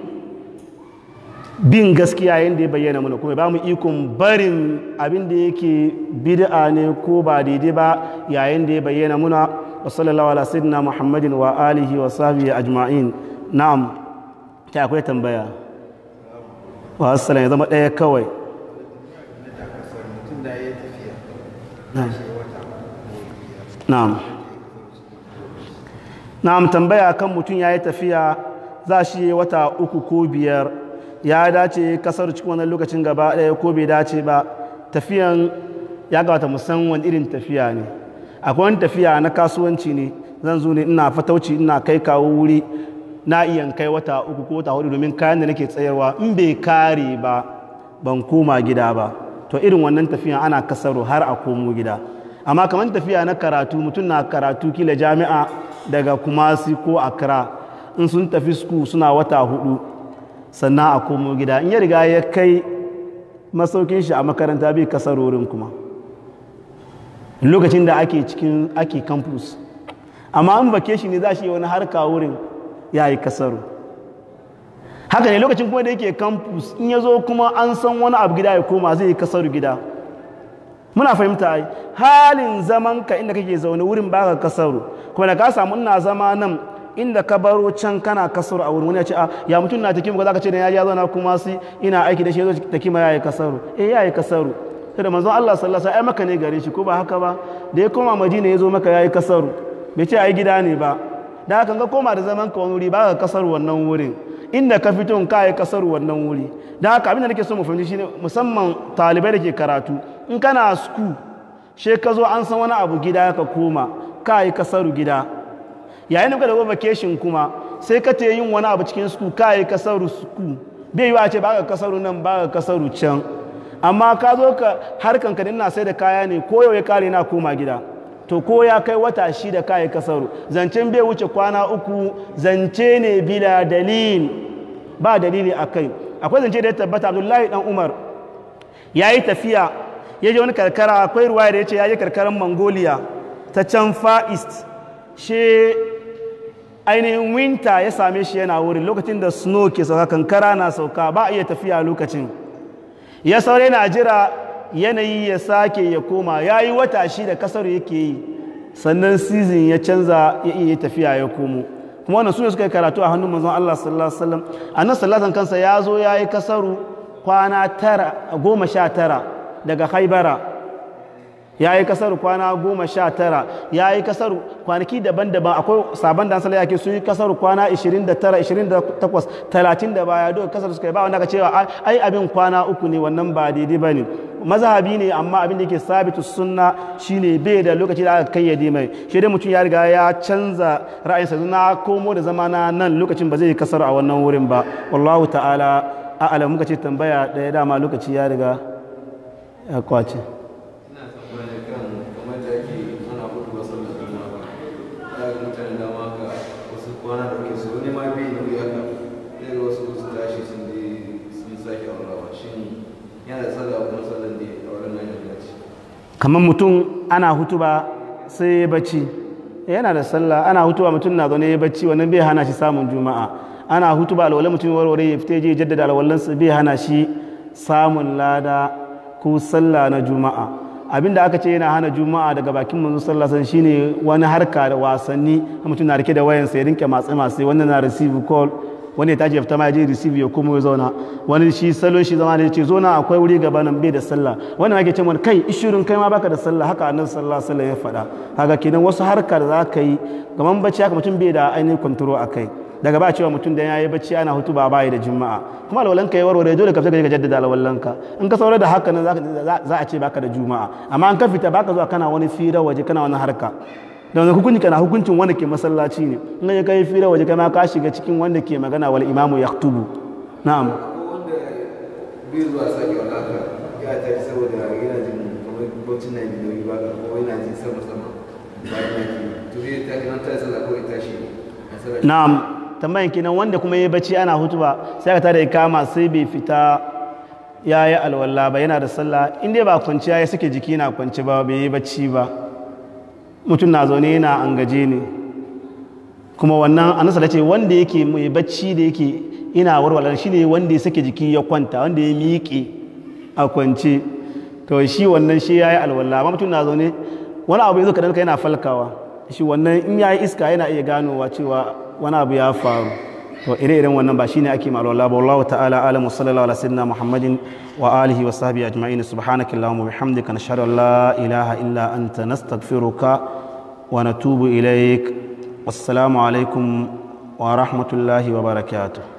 bin gaskiya yadda ya bayyana mana kuma ba mu ikon barin abin da yake bid'a ne ko ba daidai ba yayin da ya bayyana muna wa sallallahu ala sayyidina muhammadin wa alihi wa sahbihi ajma'in na'am ta akwai tambaya wa hassana ya zama ɗaya kawai na'am na'am tambaya kan mutum ya yi tafiya za shi yi wata uku ko biyar ya dace kasar cikin wani lokacin gaba ɗaya ko bai dace ba tafiyan ya gabata musamman irin tafiya ne akwai wani tafiya na kasuwanci ne zan zo ne ina fatauci ina kai kawo wuri na iya kai wata uku ko wata hudu domin kayan da nake tsayarwa in bai kare ba ban koma gida ba to irin wannan tafiya ana kasaro har a komo gida amma kamar tafiya na karatu mutum na karatu kila jami'a daga kumasi ko accra in sun tafi sku suna wata hudu sannan a komo gida in ya riga ya kai masaukin shi a makaranta bai kasarorin kuma lokacin da ake cikin ake campus amma in bakeshi shi ne za shi wani harka wurin ya yi kasaru haka ne lokacin kuma da yake campus in ya zo kuma an san wani abu gida ya koma zai yi kasaru gida muna fahimta ai halin zaman ka inda kake zaune wurin baka kasaru kuma da ka samu ina zama nan inda ka baro can kana kasaru a wurin wani ya ce a ah, ya mutum na mu ka zaka ce da ya zauna kuma su ina aiki da shi ya zo ma ya yi kasaru eh ya yi kasaru sai da manzo Allah sallallahu alaihi wasallam ai maka ne gare shi ko ba haka ba da ya koma Madina ya zo maka yi kasaru bai ce ai gida ne ba da haka ga koma da zaman ka wani wuri ba ka kasar wannan wurin inda ka fito ka yi kasar wannan wuri da haka abin da nake so mu fahimci shine musamman talibai da ke karatu in kana sku she ka zo an san wani abu gida ka koma ka yi kasaru gida yayin da ka da vacation kuma sai ka te yin wani abu cikin sku ka yi kasaru sku bai yi wa ce ba ka kasaru nan ba ka kasaru can amma ka zo ka harkan ka dinna sai da kaya ne ko ya kare na koma gida to ko ya kai wata shi shida kayi kasaru zancen bai wuce kwana uku zance ne bila dalil ba dalili a kai akwai zance da ya tabbata abdullahi dan umar ya yi tafiya ya je wani karkara akwai ruwa da ya ce ya je karkarar mongolia ta can far east she ainihin winter ya same shi yana wuri lokacin da snow ke sauka kankara na sauka ba a iya tafiya lokacin ya saurai na jira yanayi ya sake ya koma ya yi wata shi da kasar yake yi sannan season ya canza ya iya tafiya ya komo kuma wannan sune suka yi karatu a hannun manzon Allah sallallahu alaihi wasallam annabi sallallahu kansa ya zo ya yi kasaru kwana tara goma sha tara daga haibara ya yi kasaru kwana goma sha tara ya yi kasaru kwanaki daban-daban akwai sabon da sallah yake su yi kasaru kwana 29 28 30 da baya duk kasaru suka yi ba wanda ka cewa ai abin kwana uku ne wannan ba daidai ba ne mazhabi ne amma abin da yake sabitu sunna shine bai da lokaci da aka kayyade mai shi dai mutum ya riga ya canza ra'ayinsa na komo da zamana nan lokacin ba zai kasar a wannan wurin ba wallahu ta'ala a'lam muka ce tambaya daya dama lokaci ya riga ya kwace kamar mutum ana hutu ba sai ya bacci yana da sallah ana hutu ba mutum na zaune ya bacci wannan bai hana shi samun juma'a ana hutu ba alwala mutum warware ya fita je jaddada su bai hana shi samun lada ko sallah na juma'a abinda aka ce yana hana juma'a daga bakin manzo sallallahu alaihi shine wani harka da wasanni mutum na rike da wayansa ya rinke matsa matsi wannan na receive call wani ta tashi ya ma ya je receive ya kuma ya zauna wani shi salon shi zama ne ce zo na akwai wuri gaba nan bai da sallah wani ake cewa kai ishirin kai ma baka da sallah haka annabi sallallahu alaihi ya faɗa haka kenan wasu harka da za ka yi kaman bacci haka mutum bai da ainihin control a kai daga ba cewa mutum da yayi bacci ana hutu ba bai da juma'a kuma alwalan ka ya warware dole ka fita ka jaddada alwalan ka in ka saurara da haka nan za a ce baka da juma'a amma an ka fita baka zuwa kana wani fira waje kana wani harka da wani hukunci kana hukuncin wanda ke masallaci ne in ya kai fira waje kana ka shiga cikin wanda ke magana wal imamu yaktubu na'am na'am tambayan kenan wanda kuma ya bacci ana hutuba sai ka tada kama sai bai fita ya yi alwala ba yana da sallah in ba kwanciya ya suke jiki na kwanci ba bai yi bacci ba mutum na zaune yana an gaje ne kuma wannan anasa da ce wanda yake mai bacci da yake ina warwala shi ne wanda ya sake jiki ya kwanta wanda ya miƙe a kwance to shi wannan shi ya yi alwallah amma mutum na zaune wani abu ya zo kaɗan yana falkawa shi wannan in ya yi iska yana iya ganowa cewa wani abu ya faru وإريرن وانا باشيني أكي مالو الله والله تعالى أعلم وصلى الله على سيدنا محمد وآله وصحبه أجمعين سبحانك اللهم وبحمدك نشهد أن لا إله إلا أنت نستغفرك ونتوب إليك والسلام عليكم ورحمة الله وبركاته